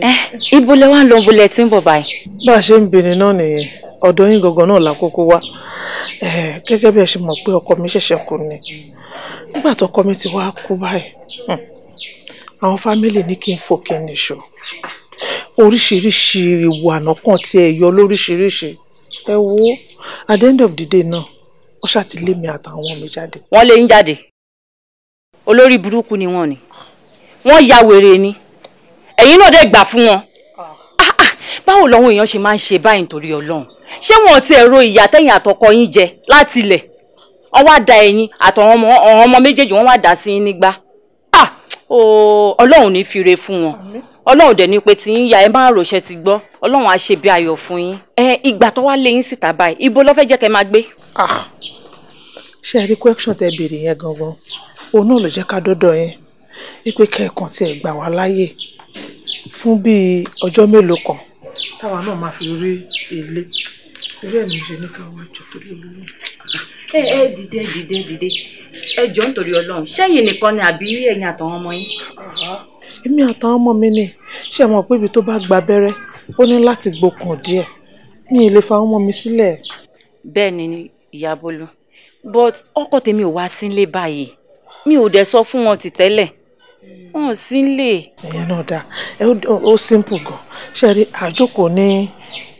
Eh, ibo lẹ wá ń lọ bó lẹ ti ń bọ̀ báyìí. bá a ṣe ń bèrè náà nìyẹn ọ̀dọ̀ yín gangan náà lákòókò wá eh, gẹ́gẹ́ bí ẹ ṣe mọ̀ pé ọkọ mi ṣẹ̀ṣẹ̀ kú ni nígbà tọkọ mi ti wá kú báyìí hmm, àwọn fámìlì ní kí n fòkè nìṣó oríṣiríṣi ìwà nákan tí ẹ yọ lóríṣiríṣi ẹ wo at the end of the day náà wọ́n ṣáà ti lé mi àtàwọn ọmọ mi jáde. wọ́n lé ń jáde olórí burúkú ni wọ́n ni wọ́n ya wèrè ni ẹ̀yin náà dẹ̀ gbà fún wọn ah, ah, báwo lọ́wọ́ èèyàn ṣe máa ń ṣe báyìí nítorí ọlọ́run ṣé wọn ti ẹ̀rọ ìyá tẹ̀yìn àtọkọ yín jẹ láti ilẹ̀ wọ́n wá da ẹ̀yin àtọ̀wọn ọmọ ọ̀hún ọmọ méjèèjì wọ́n wá dà sí yín nígbà ah ọlọ́run ní fire fún wọn ọlọ́run dẹ̀ ni pé tí ń ya ẹ máa ròṣẹ́ ti gbọ́ ọlọ́run á ṣe bí ayọ̀ fún yín ẹ ìgbà tó wá lé yín síta báyìí ibo ló fẹ́ jẹ́ kẹ́ máa gbé. Ah! ṣé ẹ rí question tẹ béèrè yẹn gangan òun náà ló jẹ́ ká dọ́dọ̀ yẹn wípé kẹ́ẹ̀kan tiẹ̀ gbà wá láàyè fún bíi ọjọ́ mélòó kan táwa náà máa fi rí ilé ilé ẹ̀ ní ṣe ní ká tó lé lórí ẹ ẹ dìde dìde dìde ẹ jọ nítorí Ọlọ́run sẹ́yìn nìkan ni àbí ẹ̀yin àtàwọn ọmọ yín. èmi àtàwọn ọmọ mi ni ṣé ẹ mọ̀ pé ibi tó bá gba abẹ́rẹ́ ó ní láti gbokùn díẹ̀ mi ì lè fa ọmọ mi sílẹ̀. bẹ́ẹ̀ ni ìyá Bólú but ọkọ tèmi ò wá sílé báyìí mi ò dẹ̀ sọ fún wọn ti tẹ́lẹ̀ wọn ò sí lè. ìyẹn náà dáa ó simple gan ṣe àjòkò ní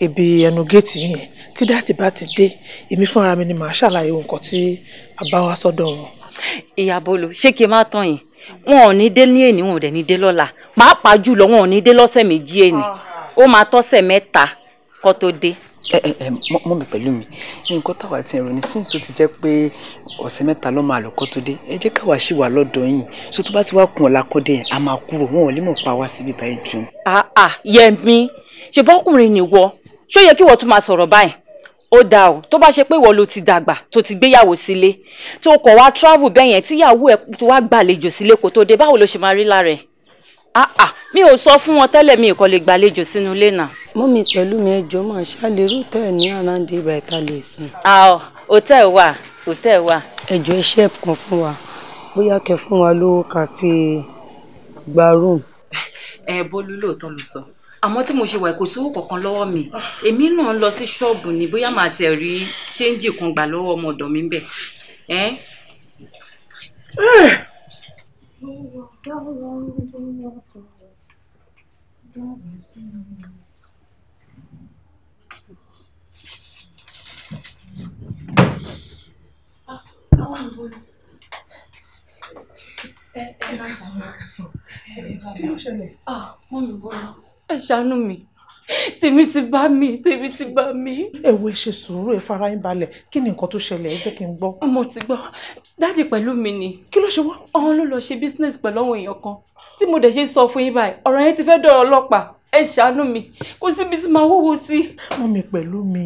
ibi ẹnu géètì yẹn tí dáàtì bá ti dé èmi fúnra mi ni màá ṣàlàyé nǹkan tí a bá wá sọ́dọ̀ wọn. ìyá Bólú ṣé kí n má tán yìí wọn ò ní dé ní èní wọn ò dẹ̀ ní dé lọ́la pàápàá jùlọ wọn ò ní dé lọ́sẹ̀ méjì èní ó máa tọ́sẹ̀ mẹ́ta kó tó dé. ẹ ẹ ẹ mọ mi pẹ̀lú mi nǹkan táwa ti rò ní sínsò ti jẹ́ pé ọ̀sẹ̀ mẹ́ta ló máa lọ kó tó dé ẹ jẹ́ káwa ṣì wà lọ́dọ̀ yìí so tó bá ti wá kun ọ̀la kó dé a máa kúrò wọn ò lè mọ̀ pa wá síbi báyìí jù. àà ah, ah, Yẹmi ṣe bọ́kùnrin nìwọ ṣó yẹ kí wọ́n tún máa sọ̀rọ̀ báyìí ó dá o tó bá ṣe pé ìwọ ló ti dàgbà tó ti gbéyàwó sílé tó kọ̀ wá travel bẹ́ẹ̀ yẹn tíyàwó ẹ̀ tó wá gbàlejò sílé kó tó dé báwo ló ṣe máa rí lára ẹ̀ ah ah mi ò sọ fún wọn tẹ́lẹ̀ mi ò kọ́ lè gbàlejò sínú ilé náà. mọ́mì pẹ̀lú mi ẹjọ́ máa ṣàlè rútẹ́ ní aráńdé ibà ìta lè sìn. àọ hòtẹ́ẹ̀ wà hòtẹ́ẹ̀ wà. ẹjọ iṣẹ́ kan fún wa bóyá kẹ́ fún wa lówó ká fi gba room. ẹ bólú lóòótọ́ ló sọ àmọ́ tí mo ṣe wà kò sówó kankan lọ́wọ́ mi èmi náà lọ sí ṣọ́ọ̀bù ni bóyá màá tẹ̀ rí ṣéǹjì kan gbà lọ́wọ́ ọmọ ọ̀dọ̀ mi bẹ̀. ẹ ẹ ẹ ẹ kí ló ṣẹlẹ̀? ah mọ̀ mi bọ́ ẹ ṣàánú mi tèmi ti bá mi tèmi ti bá mi. ẹ wo ẹ ṣe sùúrù ẹ fara yín balẹ̀ kí ni nǹkan tó ṣẹlẹ̀ ẹ jẹ́ kí n gbọ́. mo ti gbọ́ dáàdì pẹ̀lú mi ni. kí ló ṣe wá. ọ̀hún ló lọ ṣe business pẹ̀lú àwọn èèyàn kan tí mo dẹ̀ ṣe sọ fún yín báyìí ọ̀rọ̀ yẹn ti fẹ́ dọ̀rọ̀ ọlọ́pàá ẹ ṣàánú mi kò síbi tí màá wúwo sí. mọ́mì pẹ̀lú mi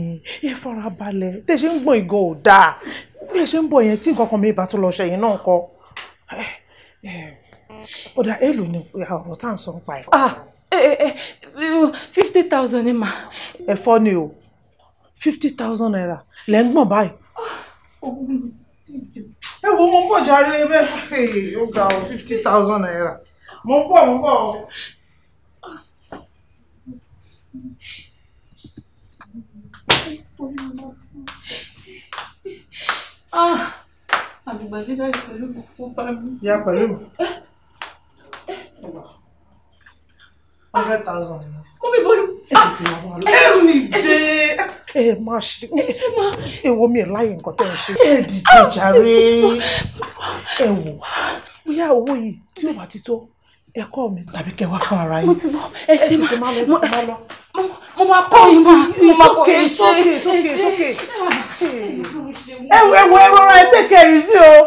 ẹ fara balẹ̀ tẹ̀ ṣe ń gbọ́n ìgò ò dáa bí ẹ ṣe ń bọ̀ yẹn tí nǹkan kan mi ìbá eh, eh. ọ̀dà èèlò ni ọ̀rọ̀ tá à ń sọ ń pa ẹ̀. Ah! Eh, eh, eh, fifty thousand ni mà. ẹ̀fọ́ ni o fifty thousand naira lẹ́ ń gbọ̀n báyìí. ẹ wo mo pọ̀ járe ẹ bẹ́ẹ̀ ó ga o fifty thousand naira mo pọ̀ mo pọ̀ o. Ah, àgbègbè dáhùn pẹ̀lú kókó bá mi. ya pẹ̀lú hundred thousand ni. mo bí bọ́lú. ẹ̀mí dé. ẹ má ma. ẹ wo mi ẹ láyé nǹkan tẹ́ ẹ ṣe. ẹ dìde ah, jàre ẹ wò bóyá owó yìí tí ò bá ti tó ẹ kọ́ mi tàbí kẹ́ wá fún ara yín. mo ti bọ ẹ ṣe máa mo máa lọ. mo máa kọ́ yín máa mo máa kọ́ yín ṣe é ṣe é ṣe é.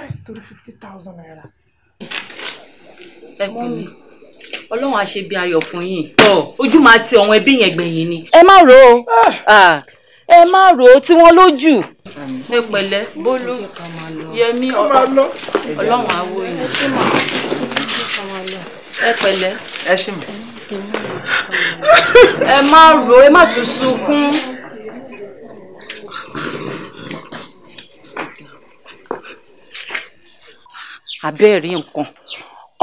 ẹ fifty thousand naira. ẹ mọ ọlọ́run á ṣe bí ayọ̀ fún yín tọ́ ojú máa ti ọ̀wọ́n ẹbí yẹn gbẹ̀yìn ni. ẹ má ro ah. ẹ má ro tí wọ́n lójú. ẹ pẹ̀lẹ́ bólú yẹmí ọlọ́run á wò yín. ẹ pẹ̀lẹ́. ẹ ṣì mọ̀. ẹ má ro ẹ má tún sunkún. àbẹ́ẹ̀rí nǹkan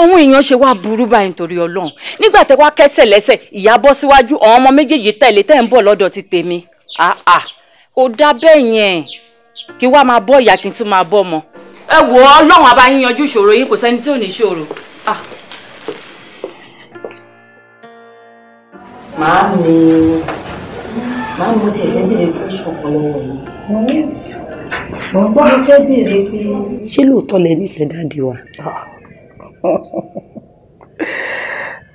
àwọn èèyàn ṣe wá burú báyìí nítorí ọlọ́run nígbà tẹ wá kẹsẹ̀ lẹ́sẹ̀ ìyá bọ́ síwájú àwọn ọmọ méjèèjì tẹ̀lé tẹ̀ ń bọ̀ lọ́dọ̀ ti tèmi àà kò dá bẹ́ẹ̀ yẹn kí wá máa bọ́ ìyá kí n tún máa bọ́ ọmọ. ẹ wò ọlọ́run àbá yín yanjú ìṣòro yín kò sẹ́ni tí ò ní ṣòro. màámi màámi mo ti ẹ̀fẹ́ bèrè fún ìṣọ̀kọ̀lọ́wọ̀ yìí mo ń gbọ́ mo fẹ́ bèrè pé. ṣé lóòótọ́ lẹ nífẹ̀ẹ́ dáàdi wa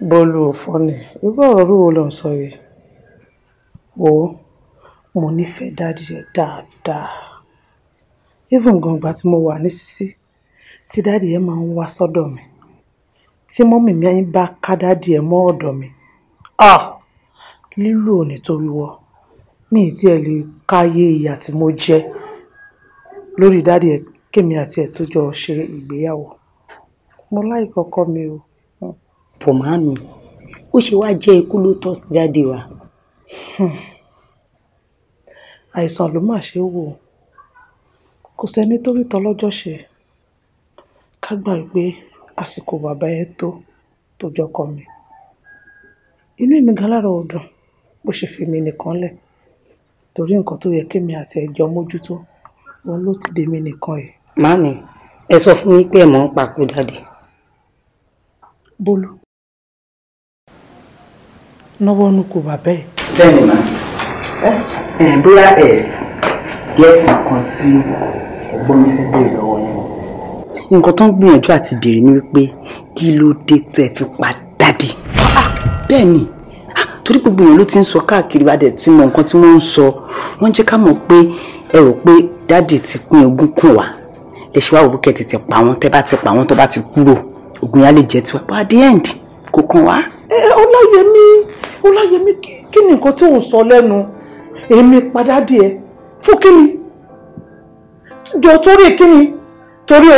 bọ́ọ̀lù òfò ni irú ọ̀rọ̀ ló wo lọ sọ yìí o mo nífẹ̀ẹ́ dáàdì rẹ dáadáa even gbọ̀ngbà tí mo wà ní sísí tí dáàdì yẹn máa ń wá sọ́dọ̀ mi tí mọ́mì mi bá ká dáàdì yẹn mọ́ ọ̀dọ̀ mi ah lílò ò ní torí wọ mi ì tiẹ̀ lè káyé ìyà tí mo jẹ lórí dáàdì yẹn kémi àti ẹ̀ tó jọ ṣe ìgbéyàwó mo láìkọ ọkọ mi o. pọ̀mánù ó ṣe wá jẹ́ ikú ló tọ́ jáde wá. àìsàn ló mà ṣe wò kò sẹ́ni tó rí tọ́lọ́jọ́ ṣe ká gbà pé àsìkò bàbá ẹ tó tó jọkọ mi inú mi gan ò dùn bó ṣe fi mi nìkan lẹ̀ torí nǹkan tó yẹ kémi àti ẹjọ́ mójútó òun ló ti dèmi nìkan yìí. màámi ẹ sọ fún mi pé ẹ mọ̀ ń pa kú dáadé bolo náwó nu kò bá bẹ́ẹ̀. bẹ́ẹ̀ni ma ẹ eh, eh, bóyá eh, ẹ gẹẹsì kan tí ẹ̀gbọ́n mi fẹ́ bèrè lọ́wọ́ yẹn. nǹkan tó ń gbìyànjú àti béèrè ni wípé kí ló dé tẹ́ fi pa dáàdì. Ah, bẹ́ẹ̀ ni ah, torí gbogbo èèyàn ló ti ń sọ káàkiri wá dẹ̀ tí mọ nǹkan tí wọ́n ń sọ wọ́n jẹ́ ká mọ̀ pé ẹ rò pé dáàdì ti pín ogún kùn wá lè ṣe wá òbúkẹ́ tètè pa wọ́n tẹ́ bá ti pa wọ́n tó bá ti kúrò. ògùn yà lè jẹ́ tiwa but at the end kò kàn wá. ẹ ọláyẹmí ọláyẹmí kí ni nǹkan tí ò ń sọ lẹ́nu èmi padà díẹ̀ fún ni jọ torí torí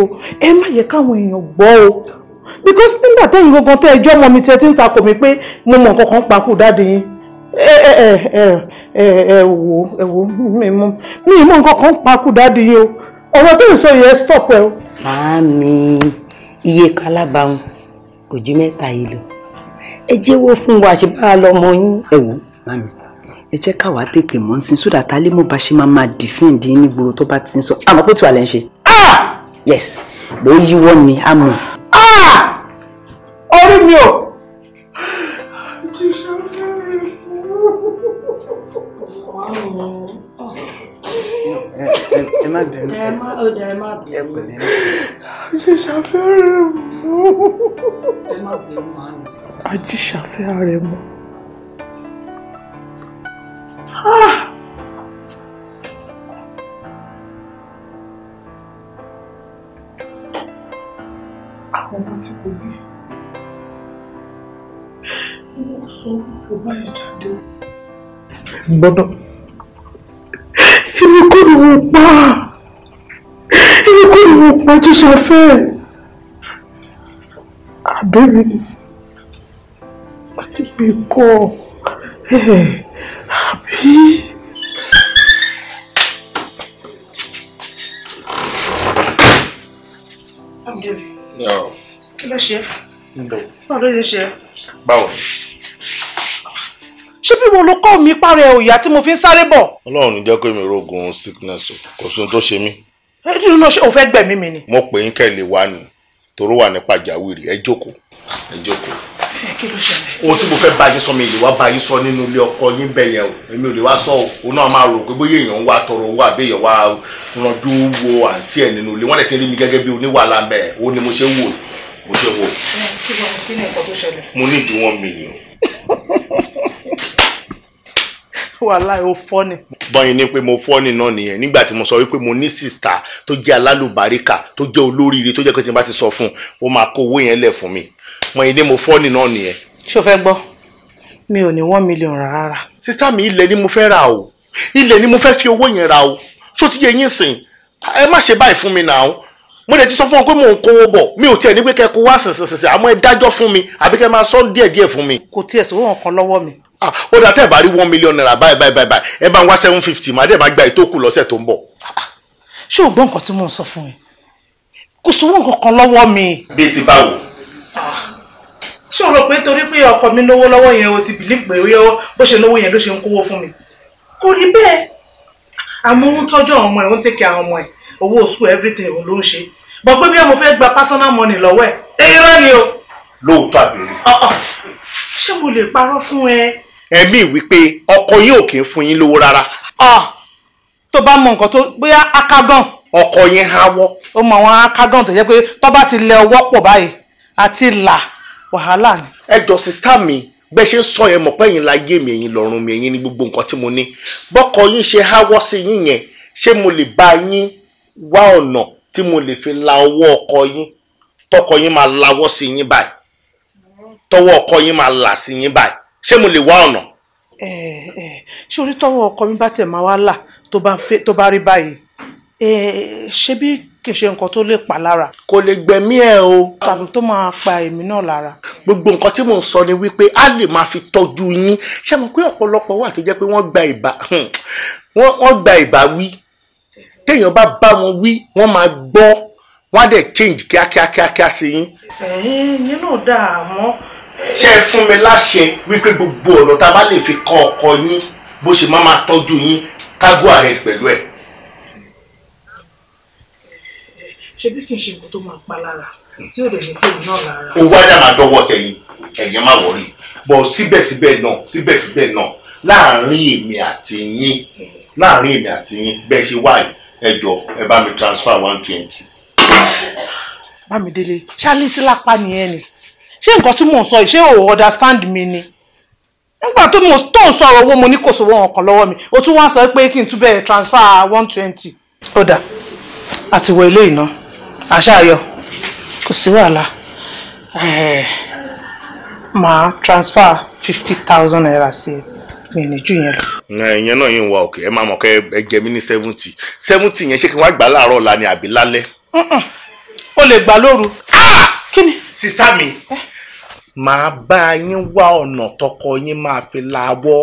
o ẹ má yẹ káwọn o because nígbà mi ti ń takò mí pé mo mọ̀ pa kù yín ẹ ẹ ẹ wo ẹ wo mi mọ mi mọ nǹkan kan pakú dáàdi yìí o ọ̀rọ̀ tó ń sọ yẹn stop ẹ o. màámi iye kálábàáhùn kò ju mẹ́ta yìí lọ ẹ jẹ́wọ́ fún wa ṣe bá a lọ ọmọ yín. ẹ wo màámi ẹ jẹ́ káwa tètè mọ́ sí sódà tá a lè mú bá ṣe máa máa dìfíǹdì nígboro tó bá ti ń sọ àmọ́ pé tí wàá lẹ́ ń ṣe. Ah! yes ló yíwọ́ ni a mọ̀. Ah! orí mi ò. má bínú. ẹ má ó dá ẹ má bínú. ẹ pẹ̀lẹ́ ní. ṣe ṣàfẹ́rẹ́ mú. ẹ má bínú màá nù. ajíṣàfẹ́ ààrẹ mú. àwọn ọmọ tí kò bí wọ́n sọ kò bá ìjáde. gbọ́dọ̀. 你给我爸！àwọn ọ̀pọ̀ tí sọ fẹ́ àbẹ̀rẹ̀ ni àti pé kọ́ àbí. kí ló ṣe? báwo ló ṣe ṣe? báwo ṣé bí mo ló kọ́ mi párẹ̀ òyà tí mo fi ń sáré bọ̀. ọlọ́run jẹ́ kó mi rógun sickness o kò sí ohun tó ṣe mí nínú náà ṣé o fẹ́ gbẹ̀mí mi ni. mo pè ń kẹ́ lè wá ni toró wà ní pàjáwìrì ẹ jókòó ẹ jókòó. kí ló ṣẹlẹ̀. ohun tí mo fẹ́ bá yín sọ mi lè wá bá yín sọ nínú ilé ọkọ yín bẹ̀ yẹn o èmi ò lè wá sọ o òun náà máa rò pé bóyá èèyàn ń wá tọrọ owó àbí èèyàn wá rànjú wo àǹtí ẹ̀ nínú ilé wọ́n lè ti rí mi gẹ́gẹ́ bí oníwàhálà mẹ́ẹ̀ ó ní mo ṣe wò mo ṣe wò. mo ní ìdíwọ́n mílíọ̀n. wàhálà ó fọ́nì. bọ́yìn ni pé mo fọ́nì náà nìyẹn nígbà tí mo sọ wípé mo ní sista tó jẹ́ alálùbáríkà tó jẹ́ olóríire tó jẹ́ pé tí n bá ti sọ fún un ó máa kó owó yẹn lẹ̀ fún mi bọ́yìn ni mo fọ́nì náà nìyẹn. ṣé o fẹ́ gbọ́ mi ò ní one million rárá. sista mi ilẹ̀ ni mo fẹ́ ra o ilẹ̀ ni mo fẹ́ fi owó yẹn ra o ṣó ti yẹ yín sìn ẹ má ṣe báyìí fún mi náà mo dẹ̀ ti sọ fún ọ pé mò ń kówó bọ̀ mi ò tiẹ̀ ní pé kẹ́ kó wá sìnsìnsìn àmọ́ ẹ dájọ́ fún mi àbí kẹ́ máa sọ díẹ̀díẹ̀ fún mi. kò tiẹ̀ sówó nǹkan lọ́wọ́ mi Ah, ó dà tẹ́ ẹ̀ bá rí one million naira báyìí báyìí báyìí ẹ bá ń wá seven fifty màá dẹ̀ bá gba ìtókù lọ́sẹ̀ tó ń bọ̀. Ah, ah. ṣé o gbọ́ nǹkan tí mò ń sọ fún ẹ kò sówó nǹkan kan lọ́wọ́ mi. bíi ti báwo. ṣé o rò pé torí pé ọkọ mi lówó lọ́wọ́ yẹn o ti bìlí pé bó ṣe lówó yẹn ló ṣe ń kówó fún mi kò rí bẹ́ẹ̀ àmọ́ ń tọ́jú àwọn ọmọ ẹ̀ ń tẹ̀kẹ́ àwọn ọmọ ẹ̀ owó school everything òun ló ń ṣe bọ̀ pé bí mo fẹ́ gba personal money lọ́wọ́ ẹ̀ èyí rẹ́ ni o. lóòótọ́ àbẹ̀rẹ̀. ṣé mo lè parọ́ fún ẹ ẹ̀mí wípé ọkọ yín ò kì í fún yín lówó rárá. ọ tó bá mọ nǹkan tó bóyá akágàn. ọkọ yẹn háwọ́. ó mọ àwọn akágàn tó jẹ́ pé tó bá ti lẹ ọwọ́ pọ̀ báyìí àti là wàhálà ni. ẹ jọ sísá mi bẹ́ ṣe ń sọ yẹn mọ̀ pé ẹ̀yin la yé mi ẹ̀yin lọ́rùn mi ẹ̀yin ní gbogbo nǹkan tí mo ní bọ́kọ yín ṣe háwọ́ sí yín yẹn ṣé mo lè bá yín wá ọ̀nà tí mo lè fi la ọwọ́ ọkọ yín tọkọ yín máa lawọ́ sí yín báyìí tọwọ́ ọkọ yín máa là sí yín báyìí ṣé mo lè wá ọ̀nà. ṣé orí tọwọ́ ọkọ mi bá tẹ̀ máa wá là tó bá rí báyìí ṣé bí kì í ṣe nǹkan tó lè pa lára. kò lè gbẹ̀mí ẹ o. tàbí tó máa pa èmi náà lára. gbogbo nǹkan tí mò ń sọ ni wípé a lè máa fi tọ́jú yín ṣé mo pé ọ̀pọ̀lọpọ̀ wà tó jẹ́ pé wọ́n gba ìbá wọ́n gba ìbá wí téèyàn bá bá wọn wí wọ́n máa gbọ́ wọ́n á dẹ̀ change kíákíákíá sí yín. ẹ̀yin yín dáa mọ́ ṣe é fún mi láṣẹ wípé gbogbo ọ̀nà tá a bá lè fi kọ́ ọkọ yín bó ṣe máa máa tọ́jú yín kágó ààrẹ pẹ̀lú ẹ̀. ṣé bí kì í ṣe nǹkan tó máa pa lára tí ò lè ní pé iná lára. o wá dà máa dọwọ́ tẹ̀yìn ẹ̀yìn má wọ̀rí bọ̀ síbẹ̀síbẹ̀ náà síbẹ̀síbẹ̀ náà láàárín èmi àti yín láàárín èmi àti yín bẹ́ẹ̀ ṣe wáyé ẹ jọ̀ọ́ ẹ bá mi transfer one twenty. Bámidélé ṣáà ní sí lápá nìyẹn ni. ṣé nǹkan tí mò ń sọ ṣé o understand mi ni nígbà tó mò tó ń owó mo ní kò sówó ọ̀kan lọ́wọ́ mi o tún wá sọ pé kí n bẹ̀rẹ̀ transfer one twenty. ó dà àti wọ ilé ìná àṣàyọ kò sí wàhálà máa transfer fifty thousand naira sí yẹn lọ. ìyẹn náà yìí ń wa òkè ẹ máa mọ̀ ẹ jẹ mí ní ni àbí màá bá yín wá ọ̀nà tọkọ yín máa fi làwọ́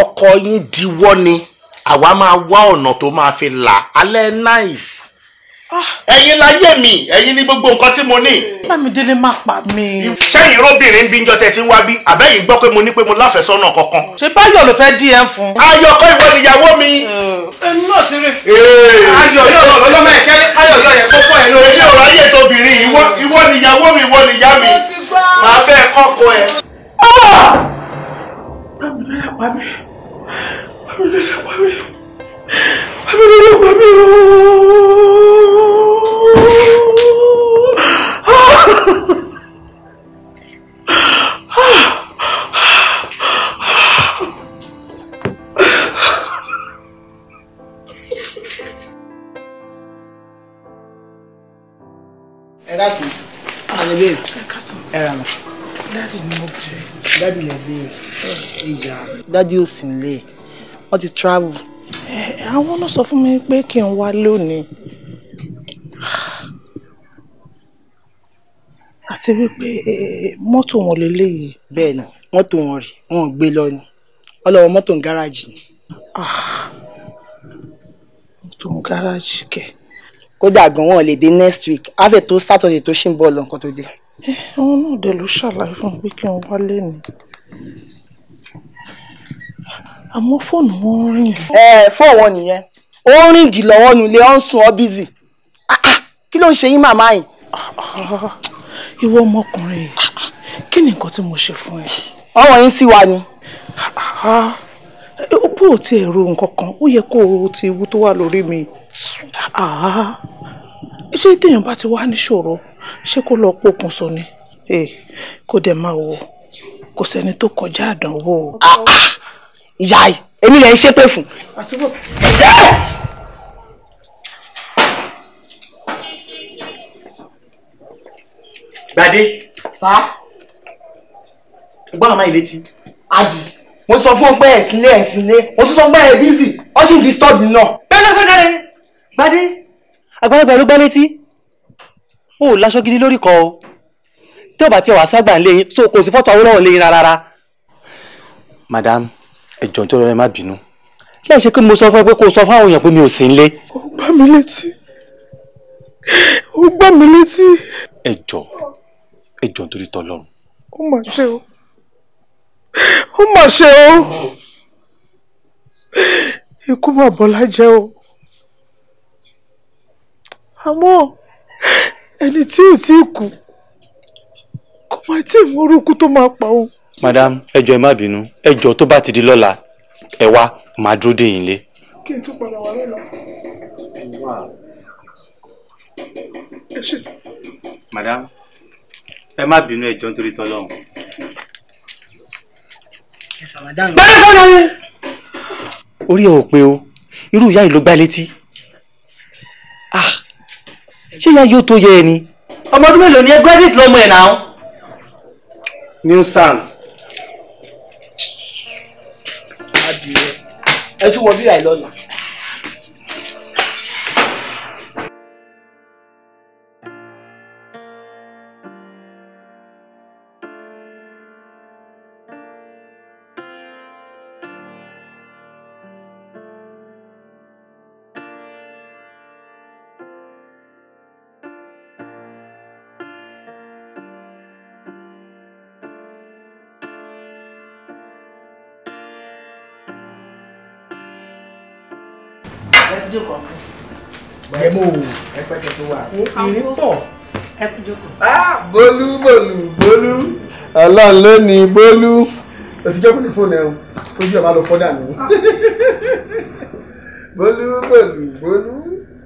ọkọ yín diwọ́ ni àwa máa wá ọ̀nà tó máa fi là alẹ́ nice ah. ẹ̀yin láyé mi ẹ̀yin ní gbogbo nǹkan tí mo ní. bámidélé má pa mí. sẹ́yìn rọ́bìnrin bí njọ́ tẹ ti ń wá bí àbẹ́yìn gbọ́ pé mo ní pé mo láfẹ̀sọ́nà kankan. ṣé báyọ̀ ló fẹ́ dí ẹ fún. ayọ̀kọ́ ìwọ nìyàwó mi. Eh, ẹnu náà ti rí. ayọ̀ yóò lọ lọ́mọ ẹ̀kẹ́ ayọ̀ yóò yẹ kó pọ̀ ẹ̀ lórí. èyí ò ráyè tóbìnrin ìwọ nìyàwó mi ìwọ nìyá mi màá bẹ́ẹ̀ kọ́kọ́ ẹ. Bámilọ́lá pa mí, Bámilọ́lá pa mí, Bámilọ́lá pa mí ooo. ẹ ká sùn. àlebè ẹ̀rà mà. dádì ni mo bẹ̀rẹ̀. dádì wọ́n ti travel. àwọn náà sọ fún mi pé kí n wá lónìí. àti wípé mọ́tò wọn lélẹ́yìí. bẹ́ẹ̀ ni mọ́tò wọn rè wọn ò gbé lọ ni wọ́n lọ́wọ́ mọ́tò ń gáràjì ni. Ah, mọ́tò ń gáràjì kẹ̀. kódà gan wọn lè dé next week á fẹ́ tó Saturday tó ṣì ń bọ̀ lọ nǹkan tó dé um àwọn náà dé ló ṣàlàyé fún mi pé kí n wálé ni àmọ́ fóònù wọn ń ríngì. ẹ fóònù wọn nìyẹn ó ń ríngì lọ́wọ́ nulẹ̀ ó ń sun ọ́ bízì ah, ah, kí ló ń ṣe yín màmá yìí. ìwọ ọmọkùnrin yìí kí ni nǹkan tí mo ṣe fún ẹ. ọwọ́ yín sí wa ni. bó o tiẹ̀ ro nǹkan kan ó yẹ kó o ti ewu tó wà lórí mi. Ah, ṣé téèyàn bá ti wá níṣòro ṣé kó lọ pokùnso ni eh, kó dẹ̀ máa wò kò sẹ́ni tó kọjá àdánwò. Ah, ah! ìyá yìí èmi lè ń ṣépè fún. gbadé sá gbọ́dọ̀ máa ìlétí adi mo sọ fún ọ pé ẹ̀sìn lé ẹ̀sìn lé mo tún sọ pé ẹ̀ bízì ọ sì disturb mi náà. bẹ́ẹ̀ lọ́sọ̀ọ́ dáre gbadé àgbàlagbà ló gbá létí o ò láṣọ gidi lórí kan o tí ọba tí ọwà ságbà ń lé yín so kò sí fọ́tò Awólọ́wọ̀ ń lé yín rárá. madam ẹjọ tó rẹ má bínú láì ṣe pé mo sọ fún ẹ pé kó o sọ fún àwọn èèyàn pé mi ò sí ń ó gbá mi létí ó gbá mi létí. ẹjọ ẹjọ nítorí tọlọ́run. ó mà ṣe o ó mà ṣe o ikú mà bọ́lá jẹ́ o àmọ́ ẹni tí ò tí kú kò má tí ì mórúkú tó máa pa òun. madam ẹjọ ẹ má bínú ẹjọ tó bá ti di lọ́la ẹ wá màá dúró dè yín kí n tún padà wá lọ́la. madam ẹ má bínú ẹjọ nítorí tọ́lọ́run. bẹ́ẹ̀ sọ́dọ̀ ni. orí ẹ̀ ò pé o irú ìyá yìí ló gbá létí. ah ṣé ìyá yóò tó yẹ ẹ ni. ọmọ ọdún mélòó ni ẹ graduate lọmọ ẹ náà. new sans. ẹ tún wọ bí àìlọ́nà. yẹmọ o ẹpẹtẹ tó wà. ìrìn pọ̀ bolu bolu bolu. bólú bólú bólú. ọlọ́run ló ní bólú. o ti jókòó ní fóònù ẹ̀rù tó jí ọba lọ fọ́dà nù. Ah. bolu. bólú bólú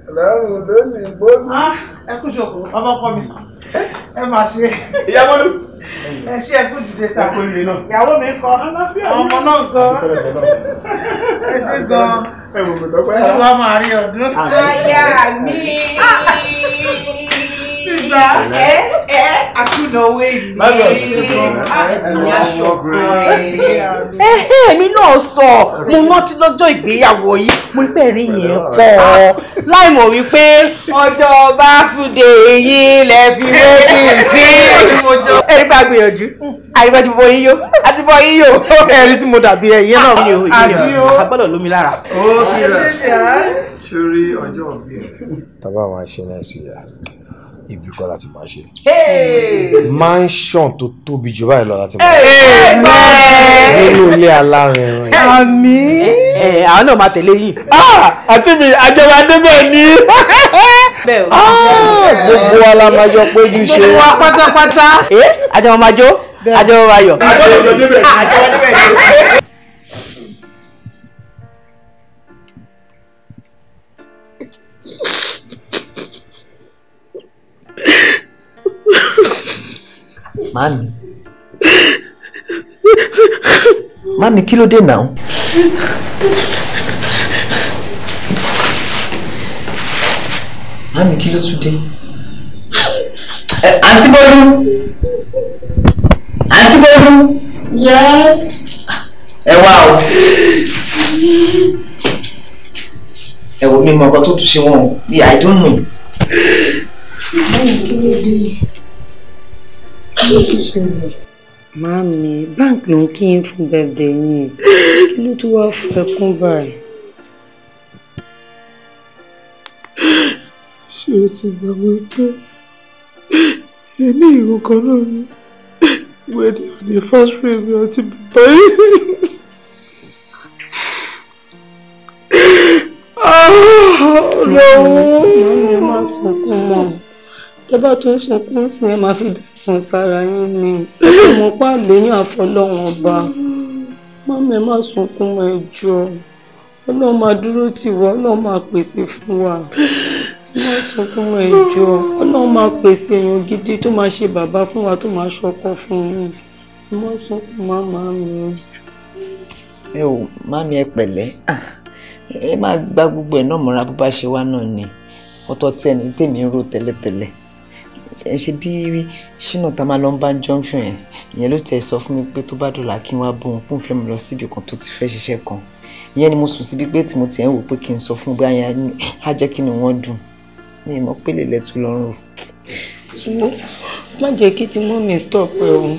ọlọ́run ló ní bólú. Ah, ẹ kú jókòó ọmọ mi ẹ máa ṣe. ìyá bólú ẹ ṣe ẹkú dìde sá ìyàwó mi kọ ọmọ náà gan ẹ ṣe gan olúwa máa rí ọdún. àyà mi. Ah! Eh, eh, ah, ìgbà ẹ ẹ àtúnáwó ìlú èmi náà sọ mo rántí lọ́jọ́ ìgbéyàwó yìí mo ń bẹ̀rẹ̀ yẹn pọ̀ láì mọ̀ wípé ọjọ́ bá fúde yìí lẹ fi méjì sí ẹni bá gbìyànjú àyíkájú bọ yíyó àti bọ yíyó ẹni tí mo dàbí ẹyẹ náà mi ò yíyọ àgbọ̀dọ̀ lómi lára. ó fi rà sórí ọjọ́ òbí ẹ̀. tábà máa ṣe náà sí ya ibi kan láti máa ṣe. mansion tó tóbi jù báyìí lọ láti máa ṣe. nínú ilé alárinrin. àmín. ẹ àwọn náà máa tẹ̀lé yìí. Ah! àti mi àjọba débẹ̀ ni. Ah! gbogbo wa la máa jọ péjú ṣe. gbogbo wa pátápátá. Eh? àjọba máa jó àjọba máa yọ. àjọba débẹ̀ ni. Ah! Mami. Mami, kí ló dé náà? Mami, kí ló tún dé? Àǹtí Bọ́lú. Àǹtí Bọ́lú. Yes. Ẹ wá o. Ẹ wò mí mọ̀ ọkọ tó tún ṣe wọn o. Bí I don't know. Mami, kí ló dé? ló ti ṣẹlẹ̀. Màámi, bank ló ń kí n fún bẹ́ẹ̀dẹ̀ yín. Kí ló tún wáá fún ẹkún báyìí? Ṣé o ti gbàgbé pé ẹni ìwò kan náà ni wedding on the first frame ọtí bàbá yìí? Ọlọ́wọ́. Màámi, ẹ má sọ ẹkún mọ́ tẹ bá tún ṣe kún sí ẹ máa fi sàn sára yín ni mo pa lẹ́yìn àfọlọ́wọn ọba mọ́mí ẹ má sunkún ẹjọ́ ọlọ́run máa dúró tì wá ọlọ́run máa pèsè fún wa ẹ má sunkún ẹjọ́ ọlọ́run máa pèsè èèyàn gidi tó máa ṣe bàbá fún wa tó máa ṣọkọ fún yín ẹ má sunkún màmá mi ẹjọ́. ẹ ò mami ẹ pẹ̀lẹ́ ah, ẹ máa gba gbogbo ẹ̀ náà mọ́ra bó bá ṣe wá náà ni ọ̀tọ̀ tẹ́ni tèmi ń rò tẹ́lẹ̀tẹ́lẹ̀ ẹ ṣe bí ṣínà tá a máa lọ ń bá junction yẹn ìyẹn ló tẹ sọ fún mi pé tó bá dọ̀là kí n wá bóun kún fẹ́ mi lọ síbi kan tó ti fẹ́ ṣiṣẹ́ kan ìyẹn ni mo sùn síbi pé tí mo tiẹ̀ ń wò pé kí n sọ fún un báyà á jẹ́ kí ni wọ́n dùn mi ì mọ̀ pé lè lẹ́tù lọ́rùn. wo má jẹ́ kí ti mi stop ẹ o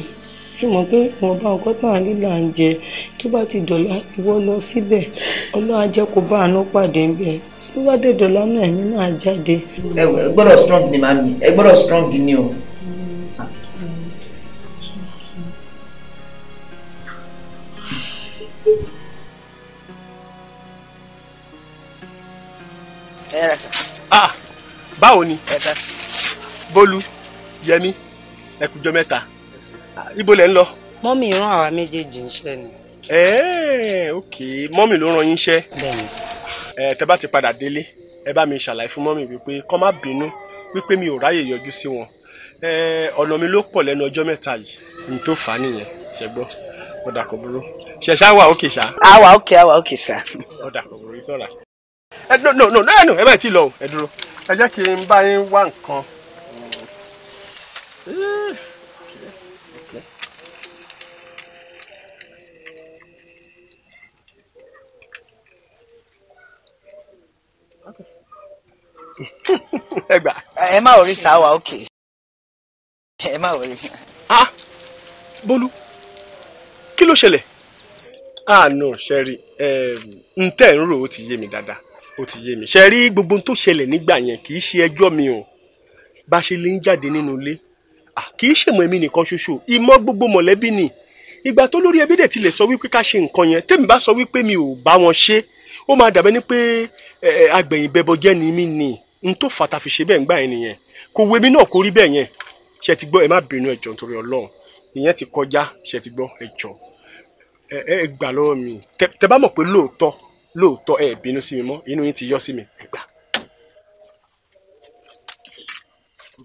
túmọ̀ pé ìwọ̀n bá ọkọ tá à ń lílà ń jẹ tó bá ti dọ̀là ìwọ lọ síbẹ̀ ọlọ́run á jẹ́ kó bá àánú tó bá dèdò lọ́nà ẹ̀mí náà jáde. ẹ gbọ́dọ̀ strong ni màmí ẹ gbọ́dọ̀ strong ni o. ah báwo ni bólú yẹmi ẹkùjọ mẹ́ta ibo lẹ ń lọ. mọ́mì rán àwa méjèèjì ń ṣe ni. ok mọ́mì ló rán yín ṣẹ́. bẹ́ẹ̀ni ẹ tẹ bá ti padà délé ẹ bá mi ṣàlàyé fún mọ́mì wípé kọ́ má bínú wípé mi ò ráyè yọjú sí wọn ọ̀nà mi ló pọ̀ lẹ́nu ọjọ́ mẹ́ta yìí ní tó fà á nìyẹn ṣẹ́gbọ́n ọ̀dà kò burú ṣẹ̀ṣá wà òkè ṣá. àwa òkè àwa òkè ṣá. ọ̀dà kò burú ìṣọ̀ra. ẹ no no no no ẹ bá ti lọ ẹ dúró ẹ jẹ́ kí n bá yín wá nǹkan. Hmm. ẹ gbà. ẹ má orí sáwà òkè ẹ má orí. ah bolu kí ló ṣẹlẹ̀. àánú ah, ṣẹ́rí ehm, n tẹ́ ń rò ó ti yé mi dáadáa ó ti yé mi ṣẹ́rí gbogbo ohun tó ṣẹlẹ̀ nígbà yẹn kì í ṣe ẹjọ́ mi o bá ṣe lè ń jáde nínú ilé ah, kì í ṣèmọ̀ èmi nìkan ṣoṣo ìmọ̀ gbogbo mọ̀lẹ́bí ni ìgbà tó lórí ẹbí dẹ̀ ti lè sọ wípé ká ṣe nǹkan yẹn tèmi bá sọ wípé mi ò bá wọn ṣe ó máa dàbẹ́ ni pé eh, agbẹ̀yìn bẹbọ jẹ́ ni mí ni n tó fàtà fi ṣe bẹ́ẹ̀ ń gbà yẹn nìyẹn kò wo èmi náà kò rí bẹ́ẹ̀ yẹn ṣe ti gbọ́ ẹ má bínú ẹ̀jọ̀ nítorí ọlọ́run ìyẹn ti kọjá ṣe ti gbọ́ ẹ̀jọ̀ ẹ ẹ gbà lọ́wọ́ mi tẹ bá mọ̀ pé lóòótọ́ lóòótọ́ ẹ bínú sí mi mọ́ inú yín ti yọ sí mi ẹ gbà.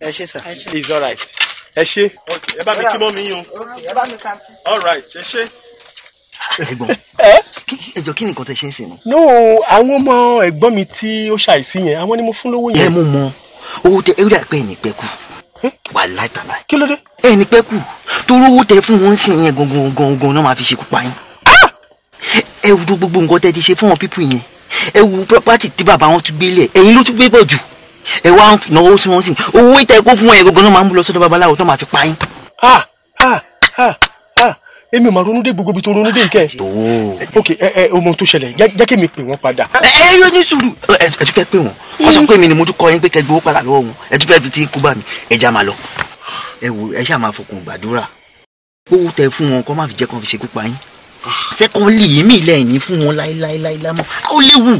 ẹ ṣe sà it's alright ẹ ṣe ẹ bá mi kí mọ́ mi yín o ẹ ṣe ẹ̀gbọ́n eh? ẹjọ kí ni nǹkan tẹ ṣe ń sìn nù. no àwọn ọmọ ẹ̀gbọ́n mi tí ó ṣàìsí yẹn àwọn ni mo fún lówó yẹn. ẹ mú mọ owó tẹ ewúrẹ́ àpẹ ẹni pẹ kù hm? wà láìtàlá. kí ló dé. ẹni pẹ kù torí owó tẹ fún wọn sìn yẹn gangan gangan náà máa fi ṣekú pa yín. Ah! ẹ wo gbogbo nǹkan tẹ ti ṣe fún wọn pípù yẹn ẹ wo property tí bàbá wọn ti gbélé ẹ̀yin ló tún gbé bọ̀ jù ẹ wá náwó sí wọn sìn owó ìtẹ̀kọ́ fún wọn yẹn gangan náà máa ń bú lọ sọ́dọ̀ babaláwo tó máa fi pa yín. ah ah ah èmi ò máa ronú dé gbogbo ibi tó ronú dé nkẹ́. ok ẹ ẹ ọmọ tó ṣẹlẹ̀ jẹ́ kí mi pè wọ́n padà. ẹ ẹ yóò ní sùúrù ẹ ti fẹ́ pè wọ́n wọ́n sọ hmm. pé mi ni mo tún kọ́ yín pé kẹgbẹ́ owó padà lọ́wọ́ wọn ẹ ti fẹ́ fi ti kú bá mi ẹ já máa lọ. ẹ wo ẹ ṣáà máa fọkàn gbàdúrà owó tẹ fún wọn kọ́ má fi jẹ́ kó fi ṣekú pa yín. sẹ́kọ̀ọ́ lè yé mi lẹ́yìn fún wọn láéláéláé lámọ́ ó léwu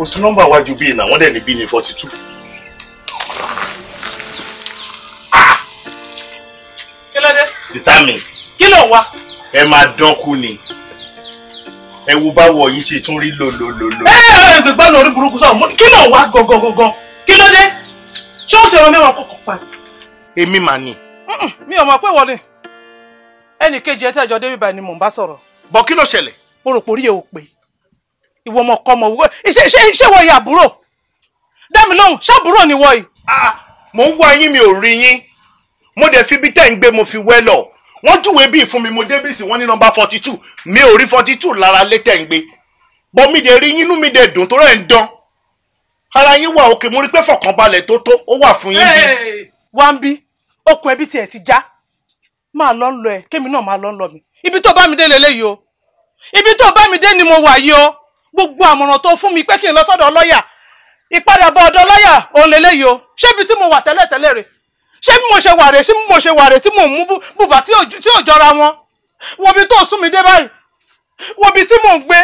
kò sí nọ́mbà wájú bíi náà wọ́n dẹ̀ ní bíi ní forty two. Ah! kí ló dé. determine. kí ló wá. ẹ máa dán kú ni ẹ wo báwo yìí ṣe tún rí lòlòlòlò. ẹ ẹ ẹ gbẹgbẹ náà orí burúkú sọ̀rọ̀ kí ló wá gangan kí ló dé ṣọ́ọ̀ṣì ẹ̀rọ mẹ́wàá kọ̀ọ̀kan pa. èmi mà ni. mi ò mọ̀ pé wọlé ẹnì kejì ẹ tẹ́jọ́ débi báyìí ni mò ń bá sọ̀rọ̀. bọ̀ kí ló ṣẹlẹ̀. mo rò pé orí ẹ ò pé ìwọ ọmọkọmọ wọ ṣé ṣé ṣé wọ yìí àbúrò dá mi lóhùn ṣé àbúrò ni wọ yìí. Ah, ah, mò ń wá yín mi ò rí yín mo dẹ̀ fi bí tẹ́ ń gbé mo fi wẹ́ lọ wọ́n júwèé bíi fún mi mo débìsì wọ́n ní nọmba forty two mi ò rí forty two lára lé tẹ̀ ń gbé bọ́ mi dẹ̀ rí yín inú mi dẹ̀ dùn tó rẹ̀ ń dán ara yín wà òkè mo rí pé fọkànbalẹ̀ tó tó ó wà fún yín bí. wá ń bí okùn ẹbí tiẹ̀ ti já máa lọ ń lọ ẹ kémi náà máa lọ ń lọ mi ibi tó bá mi dé lélẹ́yìí o ibi tó bá mi dé ni mo wà yìí o gbogbo àmọ̀ràn tó fún mi pé kí n lọ sọ́dọ̀ lọ́ọ̀yà ìpadàbọ̀ ọ̀dọ̀ lọ́ọ̀yà òun lélẹ́yìí o ṣébi tí mo wà tẹ́lẹ̀tẹ́lẹ̀ rè ṣé bí mo ṣe wà rè ṣé bí mo ṣe wà rè tí mò ń mú bùbá tí ò jọra wọn wo bi tó sún mi dé báyìí wo bi tí mò ń gbé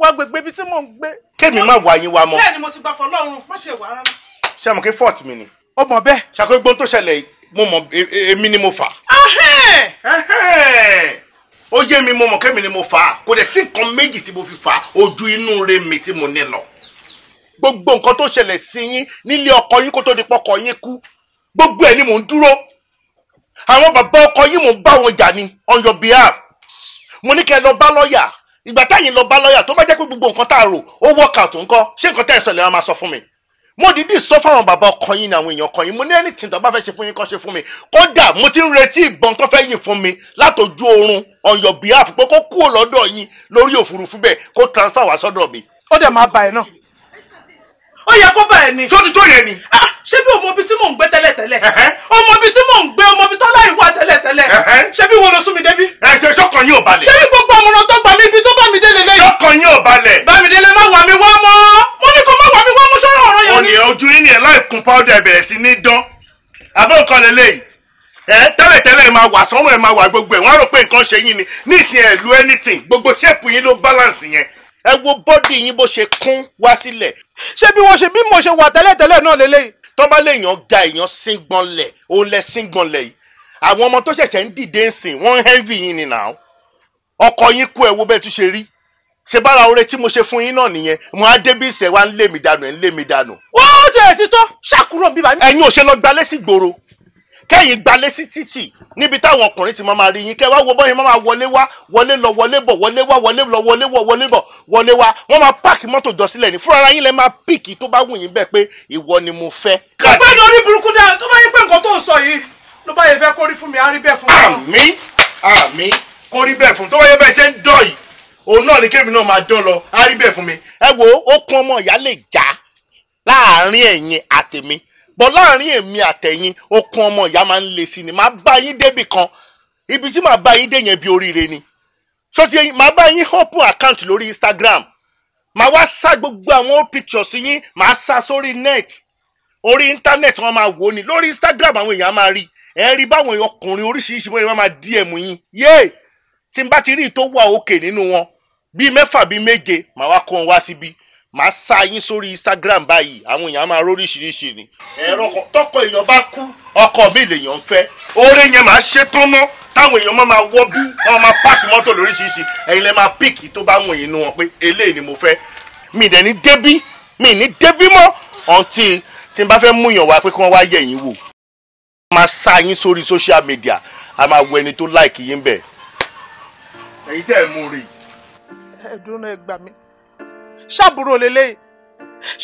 wa gbègbè bi tí mò ń gbé. kémi má wà yín wa mọ. bẹ́ẹ̀ni mo ti gbà fọ́lọ́run má ṣe wà rárá. ṣé àmọ́ kí fọ́ọ̀tì mi ni. ó mọ ṣàkóso ó yé mi mo mọ̀ kẹ́mi ni mo fà á kò dẹ̀ sí nǹkan méjì tí mo fi fà á ojú inú re mi tí mo ní lọ. gbogbo nǹkan tó ṣẹlẹ̀ sí yín nílé ọkọ yín kó tó di pọkọ yín kú gbogbo ẹ̀ ni mò ń dúró àwọn bàbá ọkọ yín mò ń bá wọn jà ní on your behalf mo ní kẹ́ lọ bá lọ́ọ̀yà ìgbà táyìn lọ bá lọ́ọ̀yà tó bá jẹ́ pé gbogbo nǹkan tá a rò ó work out nǹkan ṣé nǹkan tẹ́ lè máa sọ fún mi mo dìídì sọ fáwọn bàbá ọkọ yín ní àwọn èèyàn kan yín mo ní anything tó bá fẹ́ ṣe fún yín kó ṣe fún mi kódà mo ti ń retí ìbọn tó fẹ́ yìn fún mi látọjú oorun on your behalf pé kó kúrò lọ́dọ̀ yín lórí òfurufú bẹ́ẹ̀ kó transfer wá sọ́dọ̀ mi. ó dẹ̀ máa bá ẹ náà ó yẹ kó bẹ́ẹ̀ ni. tó ti tó yẹ ni. Ah, ṣé bí ọmọ ibi tí mò ń gbé tẹ́lẹ̀tẹ́lẹ̀ ọmọ ibi tí mò ń gbé ọmọ ibi tọ́lá ìwà tẹ́lẹ̀tẹ́lẹ̀ ṣé bí wo ló sún mi débi. ẹ ṣe sọkàn yín ò balẹ̀. ṣé bí gbogbo ọmọràn tó gbà mí ibi tó bá mi délé lẹ́yìn. sọkàn yín ò balẹ̀. Bámidélé má wà mí wá mọ́ mo ní kó má wà mí wá mọ́ sọ́rọ̀ ọ̀rọ̀ yẹn ni. òní ojú yín ni ẹ̀ láì kun pọ́ọ́dà ẹ̀ bẹ̀rẹ̀ sí ní dán àbẹ́ òkan lélẹ́yìí ẹ tẹ́lẹ̀tẹ́lẹ̀ máa wà sọ́wọ́n ẹ̀ máa wà gbogbo ẹ̀ wọ́n rò pé nǹkan ṣe yín ni níìsín ẹ̀ lu anything gbogbo ṣẹ́ẹ̀pù yín ló balance yẹn ẹ wo bọ́dì yín bó ṣe kún wá sílẹ̀. ṣé bí wọ́n ṣe bí mo ṣe wà tẹ́lẹ̀tẹ́lẹ̀ náà lélẹ́yìn. tọ́ba lèèyàn ga èèyàn síngbọnlẹ̀ òun lẹ síngbọnlẹ̀ yìí. àwọn ọmọ tó ṣẹ̀ṣẹ̀ ń dìde ń sìn wọ́n ń hẹ́ǹvì yín ni nà ó. ọkọ yín kú ẹ wo bẹ́ẹ̀ tún ṣe rí. ṣe bára oore tí mo ṣe fún yín náà nìyẹn mo á dé bí ìṣẹ̀ wa ń lé mi dànù ẹ̀ ń lé mi dànù. ó jẹ́ ẹ̀ kẹ́yìn gbalé sí títì níbi táwọn ọkùnrin ti máa ma rí yín kẹ́ wá wo bọ́yìn máa wọlé wá wọlé lọ wọlé bọ̀ wọlé wá wọlé lọ wọlé wọ̀ wọlé bọ̀ wọlé wá wọ́n máa páàkì mọ́tò jọ sílẹ̀ ní fúnra yín lẹ́ máa píìkì tó bá wù yín bẹ́ẹ̀ pé ìwọ ni mo fẹ́. ọ̀gbẹ́ni orí burúkú dáa tó bá yẹ pé nǹkan tó ń sọ yìí ló bá yẹ fẹ́ kórí fún mi àárí bẹ́ẹ̀ fún mi. àmín àmín kórí bẹ́ẹ̀ fún tó bá yẹ bẹ́ẹ̀ ṣe ń dọ̀ yìí òun náà ni kébì náà máa dán lọ àárí bẹ́ẹ̀ fún mi. ẹ wo ó kún ọmọ ìyá lè já láàárín ẹ̀yin àtèmi bọ́ láàrin èmi àtẹ̀yìn okun ọmọ ìyá máa ń le sí ni màá bá yín débì kan ibi tí màá bá yín dé yẹn bí oríire ni so ti màá bá yín open account lórí Instagram màá wá sá gbogbo àwọn pictures yín màá sá sórí net orí internet wọn máa wò ni lórí Instagram àwọn èèyàn máa rí ẹ rí báwọn ọkùnrin oríṣiríṣi bóyá wọn máa DM yín yéè tí n bá ti rí i tó wà òkè nínú wọn bíi mẹ́fà bíi méje màá wá kó wọn wá síbi màá sá yín sórí Instagram báyìí àwọn èèyàn máa róríṣiríṣi ni. ẹ̀rọ kan tọkọ èèyàn bá kú ọkọ mi lèèyàn ń fẹ́. oore yẹn màá ṣe tán mọ́ táwọn èèyàn máa wọ́ bí wọ́n máa páàkì mọ́tò lóríṣiríṣi ẹ̀yin lè máa píìkì tó bá wọ̀nyí inú wọn pé eléyìí ni mo fẹ́. mi dẹ̀ ní débí mi ní débí mọ́ ọ̀ntì tí n bá fẹ́ mú yàn wá pé kí wọ́n wá yẹ̀ yín wò. a máa yín sórí social media a máa wọ ẹni tó láìkì yín bẹ̀. èyí tẹ́ ẹ̀ mú rí. ẹ dúró náà ẹ gbà mí ṣàbúrò lélẹ́yìí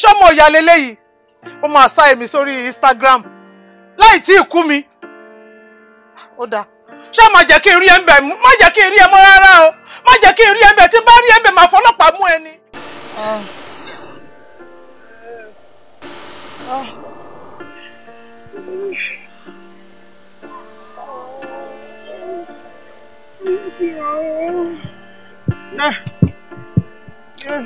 ṣọmọ ìyá lélẹ́yìí ó máa sá èmi sórí Instagram láì tí ì kú mi ó dáa ṣé má jẹ́ kí n rí ẹ ń bẹ̀ má jẹ́ kí n rí ẹ mọ́ rárá o má jẹ́ kí n rí ẹ bẹ̀ tí bá rí ẹ máa fọlọ́pàá mú ẹ ni. Yeah.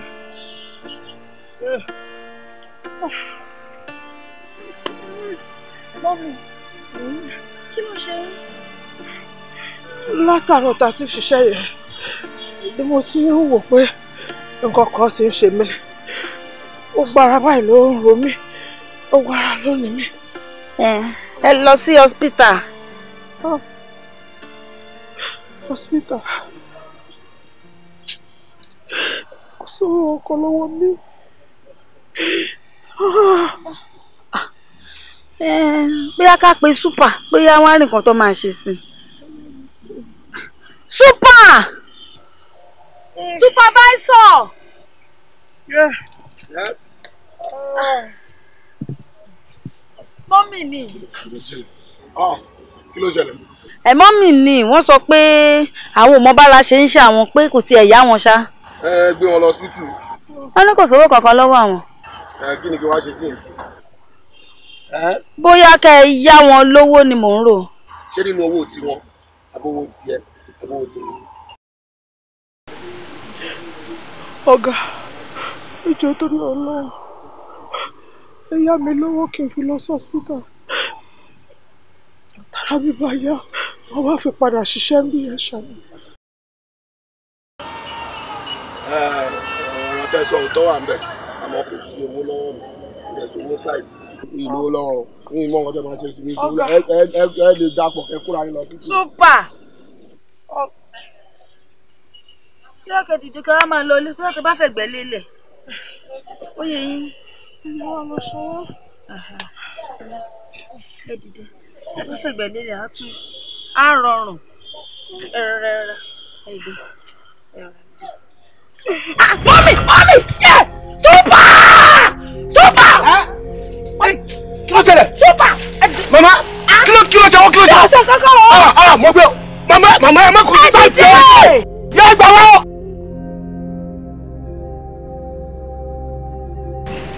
Mọ́mí, kí ló ṣe yín? Látàárọ̀ tá a ti ṣiṣẹ́ yẹn ni mo ti ń wò pé nǹkan kan ti ń ṣe mí. Ó gbára báyìí ló ń ro mí. Ó gbára lónìí mi. Ẹ lọ sí hospital. Ah. Hospital. Kò sówó ọkọ̀ lọ́wọ́ mi bóyá ká pe súpà bóyá wọn á rìn kan tó máa ṣe sí i súpà supervisor. Yeah. Yeah. Uh, mọ́mì ni. Ah, kí ló ṣẹlẹ̀? ẹ mọ́mì ni wọ́n sọ pé àwọn òmọ́bára ṣe ń ṣe àwọn pé kò tiẹ̀ yá wọn ṣá. ẹ gbé wọn lọ hospital. wọ́n ní kò sówó kankan lọ́wọ́ àwọn kí ni kí wàá ṣe sí yẹn. bóyá kẹ ẹ yá wọn lówó ni mò ń rò. ṣé nínú owó tiwọn àbówó tiẹ̀ àbówó tèmi. ọ̀gá ìjọ tó ní ọlọ́run ẹ yá mi lówó kí n fi lọ sọ́sítà tara mi bá yá wọn wá fi padà ṣiṣẹ́ bí ẹ ṣàlùyẹ. ọ̀rọ̀ tẹ̀sán ò tọ́ wà ń bẹ̀ àmọ́ kò sí owó lọ́wọ́ mi kò sí owó site mi ì lówó lọ́wọ́ ọjọ́ máa ṣe sí mi ẹ lè dapọ̀ ẹ kúra yín lọ sí. super kí ọkẹ́ dìde kí wọ́n máa lọ ilé kí wọ́n bá fẹ́ gbẹ́ lélẹ̀ ó yẹ yín. ǹjẹ́ wọn lọ ẹ dìde wọ́n fẹ́ gbẹ́ lélẹ̀ á tún á rọrùn ẹ̀rọ ẹ̀rọ ẹ̀dẹ̀ ẹ̀rọ. Mommy, mommy, yeah, super, super. súpà. Kí ló ṣẹlẹ̀? Super, Mama ah! kí ló kí ló ṣe wọ́n kí ló ṣe. Kí ló ṣe ah, ah, mo gbé mama mama ẹ má kú sí sáà tiẹ̀. Eh, gbà wọ́n.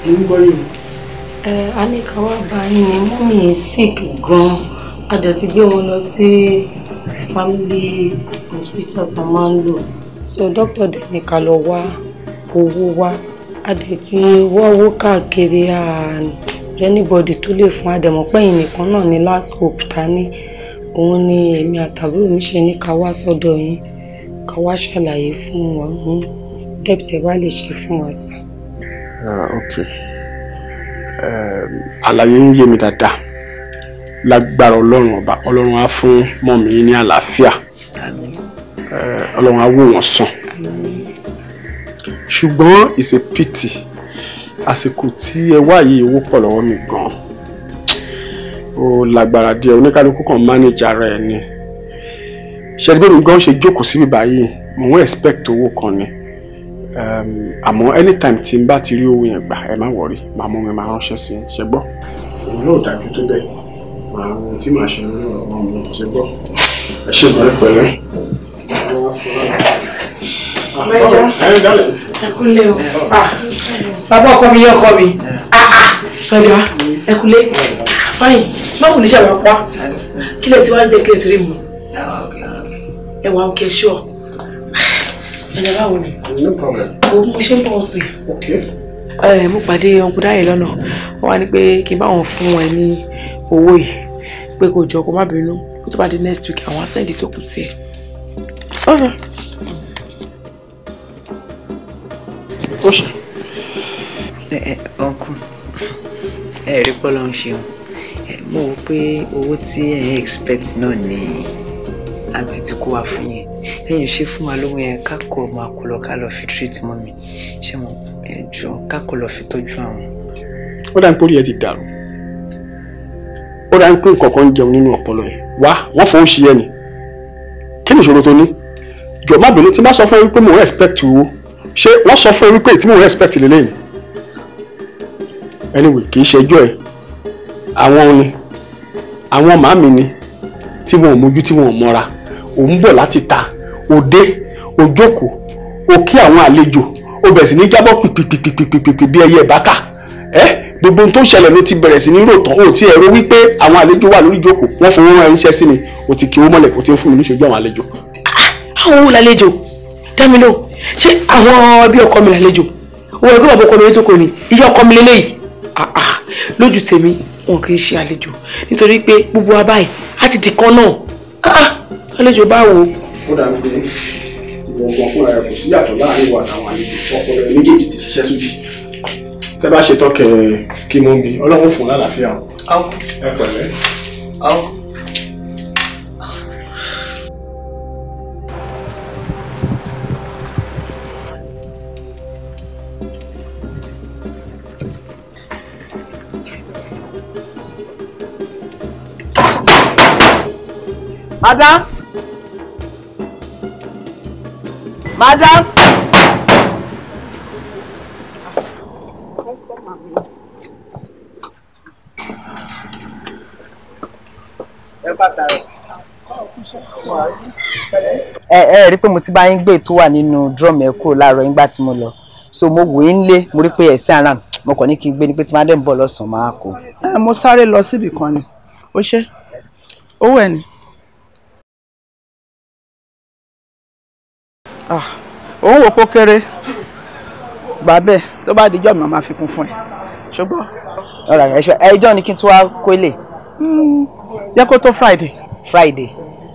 Orúkọ yìí. Ẹ a sick gan-an. A dẹ̀ ti gbé wọn lọ sí family hospital tá máa ń lò so doctor dẹ̀ ní ká lọ wá owó wá a dẹ̀ ti wọ́wọ́ káàkiri anybody tó lè fún àdẹ̀mọ́pẹ́yìn nìkan náà ní last hope ta ní òun ni èmi àtàbúrò mi ṣe ní ká wá sọ́dọ̀ yín ká wá ṣàlàyé fún wa ń dẹ́pìtẹ́ bá lè ṣe fún wa sá. ok àlàyé ń yé mi dáadáa lágbára ọlọ́run ọba ọlọ́run á fún mọ́mí ní àlàáfíà. àmín ọlọ́run á wò wọ́n sàn ṣùgbọ́n it's a pity àsìkò tí ẹ wá yìí owó pọ̀ lọ́wọ́ mi gan-an ó lágbára díẹ̀ oníkálukú kan manage ara ẹ̀ ni ṣẹ́dúgbò mi gan ṣe jókòó síbi báyìí mo ń expect owó kan ni ehm, àmọ́ anytime tí n bá ti rí owó yẹn gbà ẹ má wọrí màá mú mi máa ránṣẹ́ sí i ṣe gbọ́. òun náà dájú tó bẹ́ẹ̀ màá ohun tí màá ṣe ń rán ọmọ mi ṣe gbọ́ ẹ ṣe ìbára pẹ̀lẹ́ mẹ́jọ ẹkúlé o bàbá ọkọ mi yé ọkọ mi mẹ́jọ ah, ah. ẹkúlé fáyìn báwo ní sàbà pa kí lè ti wá jẹ kí lè ti rí mu ẹwà òkè ṣọ ẹnlẹ báwo ni òun mo ṣe ń bọ̀ ọ̀sìn ẹ mo pàdé ọkùnrin dáyẹ lọ́nà wọn wá ní pé kí n bá wọn fún ẹ ní owó yìí pé kò jọ kó má bínú kó tó bá di next week àwọn á sẹ́ǹdì tó kù sí ẹ. Okay. Ó ṣe. Ẹ ẹ ọkùn ẹ rí bọ́lá ń ṣeun. Mo wò pé owó tí ẹ ń expect náà ni àǹtí ti kó wa fún yẹn. Ẹ̀yin ṣe fún wa lóhun yẹn kákò máa kó lọ ká lọ fi treat mi. Ṣé mo ẹ jọ kákò lọ fi tọ́jú àwọn. Ó dà ń pórí ẹ ti dàrú. Ó dà ń pín nǹkan kan jẹun nínú ọpọlọ yẹn. Wá wọ́n fọwọ́ sí ẹ ni. Kí ni ìṣòro tó ní? jọ̀ọ́ má bínú tí bá sọ fún ẹ wípé mo respect o ṣé wọ́n sọ fún ẹ wípé tí mo respect lélẹ́yìn anyway kì í ṣẹjọ́ ẹ àwọn ni àwọn màmí ni tí wọn ò mójú tí wọn ò mọ́ra òun bọ̀ láti ta òde òjókòó òkí àwọn àlejò ó bẹ̀rẹ̀ sí ní jábọ́ pìpìpìpìpìpì bí ẹyẹ ìbáka ẹ gbogbo ohun tó ń ló ti bẹ̀rẹ̀ sí ní ròtàn ó ti ẹ̀rọ wípé àwọn àlejò wà lórí ìjókòó wọ́n fowó rán iṣẹ́ sí ni ó kí owó mọ́lẹ̀ ó ti ń fún mi níṣojú àwọn àlejò àwọn òun lálejò dámi lóhùn ṣé àwọn ẹbí ọkọ mi lálejò òun ẹgbẹ́ bàbá ọkọ mi tó kò ní iye ọkọ mi lélẹ́yìí lójú tèmi wọn kì í ṣe àlejò nítorí pé gbogbo wa báyìí á ti di kan náà àlejò báwo. ó dàbí pé ìwọ̀n fúnra rẹ̀ kò sí yàtọ̀ láàrin wa àtàwọn àlejò ọpọlọ ẹ̀ méjèèjì ti ṣiṣẹ́ sódì tẹ bá ṣe tọkẹ kí mo mi ọlọ́run fún lálàáfíà o. ẹ pẹ̀lẹ́. madam madam. ẹ ẹ rí i pé mo ti bá yín gbé tó wà nínú drum ẹ kúrò láàárọ̀ yín gbà tí mo lọ so mo wò ó ń lé mo rí i pé ẹ sí around mo kàn ní kí n gbé ni pé tí máa dẹ̀ ń bọ̀ lọ́sàn-án máa mo sáré lọ síbì kan ni ó ṣe owó ẹ ni. Ah, ò ń wò pó kéré gbà bẹ́ẹ̀ tó bá dijọ́ mi máa fi kún fún ẹ ṣùgbọ́n. ọ̀rọ̀ rẹ̀ ṣe ẹ ìjọ ni kí n tún wá kó ilé. yẹ hmm, kó tó Friday. Friday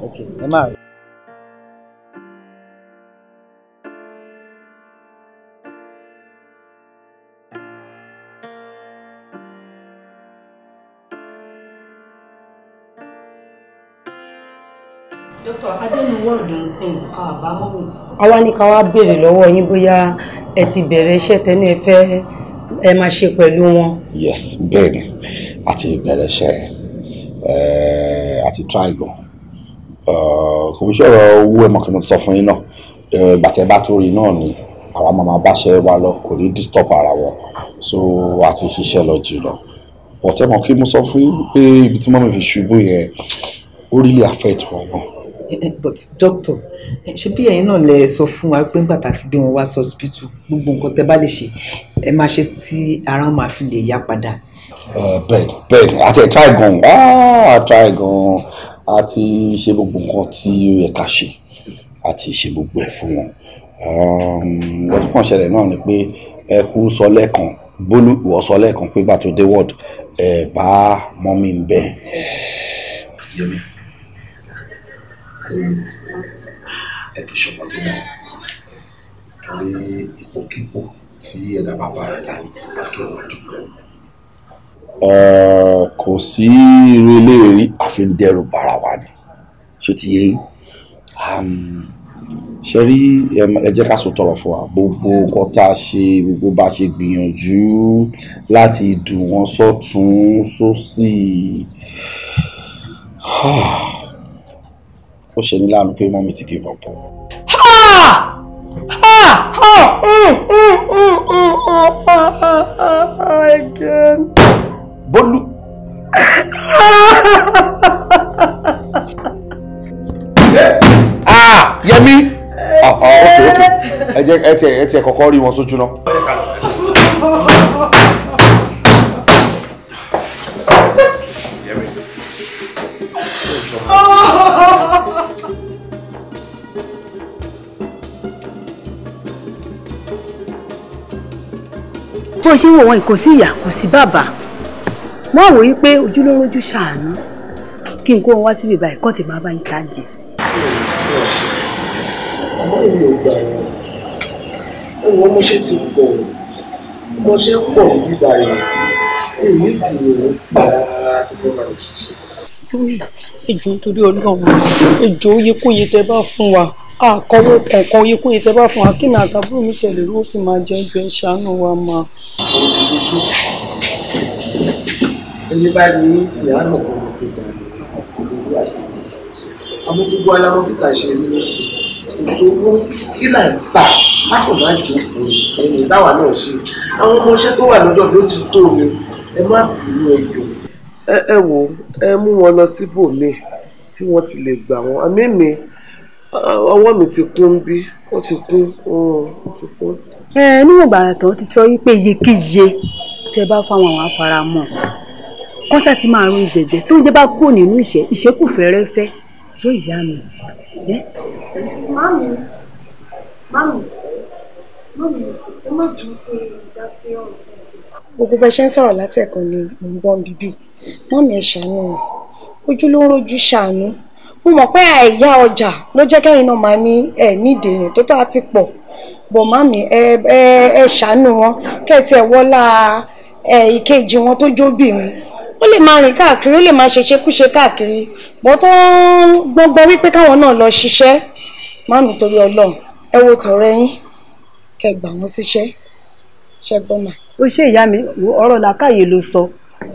ok ẹ máa rí. doctor adẹnu wọ́ọ̀dù ń sìn àbámọ́ mi. àwa ní ká wá béèrè lọ́wọ́ yín bóyá ẹ ti bẹ̀rẹ̀ iṣẹ́ tẹ́ni ẹ fẹ́ ẹ máa ṣe pẹ̀lú wọn. yes bẹ́ẹ̀ ni àti ìbẹ̀rẹ̀ iṣẹ́ àti eh, trigon eh, kò ń ṣọ̀rọ̀ owó ẹ̀mọ́ kí mo ti sọ fún yín náà eh, bàtẹ́ bá tó rí náà ni àwa máa máa báṣẹ́ wa lọ kò ní disturb ara wọn so àti ṣiṣẹ́ lọ jù lọ ọ̀tẹ́mọ̀ kí mo sọ fún yín pé ibi tí mọ́mi fi ṣubú yẹn ó rí lè affect wọn Eh, but doctor eh, ṣé bí ẹ̀yin náà lè sọ fún wa pé nígbà tá a ti gbé wọn wá sọ́sibítù gbogbo nǹkan tẹ́ bá lè ṣe ẹ máa ṣe tí ara máa fi lè yá padà. Eh, bẹ́ẹ̀ bẹ́ẹ̀ àti ẹ try gan ah, a try gan a ti ṣe gbogbo nǹkan tí ó yẹ ká ṣe a ti ṣe gbogbo ẹ̀ fún wọn wọ́n tún kàn ṣẹlẹ̀ náà ni pé ẹ kú sọ lẹ́ẹ̀kan bólú ìwọ sọ lẹ́ẹ̀kan pé gbà tó dé ward ẹ̀ bá mọ́mí ń bẹ̀. yomi ẹ kì í ṣọmọ tó mọ torí ipòkípò tí ẹ̀dá bàbá rẹ̀ láyé akéwà dúpẹ́. kò sí irú eléyìí a fi ń dẹ́rù bara wa ni ṣé ti yé ṣe rí ẹ jẹ́ ká sọ tọrọ fún wa gbogbo nǹkan tá a ṣe gbogbo bá a ṣe gbìyànjú láti dùn wọ́n sọ́tún sósì. Ah ó ṣe ní láàánú pé mọ́mí ti give up. bólú. Ah, yẹmi ah, ah, ẹ jẹ ẹ tiẹ kọ́kọ́ rí wọn sójú náà. bó ṣe ń wò wọn kò sí ìyá kò sí bàbá wọn wò yí pé ojúlówó ojú ṣàánú kí n kó wọn wá síbi ìbá ẹ̀kọ́ tèmi bá yín ká jẹ. ọmọ ìlú ò gbà wọn ẹwọn mo ṣe ti pọ̀ mo ṣe pọ̀ nígbà yẹn èyí dìrò sí ara tó fẹ́ máa ṣiṣẹ́. ìjọ nítorí ọlọ́run ìjọ oyè kóye tẹ bá fún wa àkọwé ẹ̀kọ́ ikú yìí tẹ́ bá fún wa kí ni àtàbùrù mi tẹ̀lé ó sì máa jẹ́ ju ẹ̀ṣánú wa máa. ẹni bá ní ní ìsìn àánú kan ló fi dà ní ọkùnrin ní àdúgbò àmọ́ gbogbo aláwọ̀ peter ṣe rí nísìn kò sówó kí là ń tà a kò má jó ẹni táwa náà ṣe àwọn ọmọọṣẹ́ tó wà lọ́dọ̀ ló ti tó mi ẹ má bínú ẹ jọ. ẹ wo ẹ mú wọn lọ síbòmíì tí wọ́n ti lè gbà wọ́n àmì mi ọwọ́ mi ti kún bí ó ti kún ó ti kún. ẹ níwọ̀n gbàrà tó ti sọ yí pé iyekíye tẹ bá fáwọn àwọn afaramọ́ kọ́sà ti máa ro ìjẹ̀jẹ̀ tó ń jẹ́ bá kú nínú ìṣẹ́ ìṣẹ́kù fẹ́rẹ́fẹ́ yóò yá mi. mami mami mami ẹ má jù ú pé ìdá sí ọ̀rọ̀. gbogbo bá ṣe ń sọ̀rọ̀ látẹ̀kọ́ ni mò ń gbọ́n bíbí mọ́mí ẹ̀ ṣàánú ojú ló ń rojú ṣàánú mo mọ̀ pé àìyá ọjà ló jẹ́ kẹ́yìn náà máa ní ẹ̀ nídìí èèyàn tó tó àti pọ̀ bọ̀ mami ẹ ẹ ẹ ṣàánú wọn kẹ́ẹ̀tì ẹ̀ wọ́lá ẹ ìkejì wọn tó jóbìnrin ó lè máa rìn káàkiri ó lè máa ṣeṣekúṣe káàkiri bọ́ tó ń gbọ́ngbọ́n wípé káwọn náà lọ ṣiṣẹ́ mami torí ọlọ́run ẹ wo tọ̀rẹ́ yín kẹ́ gbà wọ́n síṣẹ́ ṣẹ́gbọ́n mà. ó ṣe ìyá mi ọ̀rọ̀ làákàyè ló sọ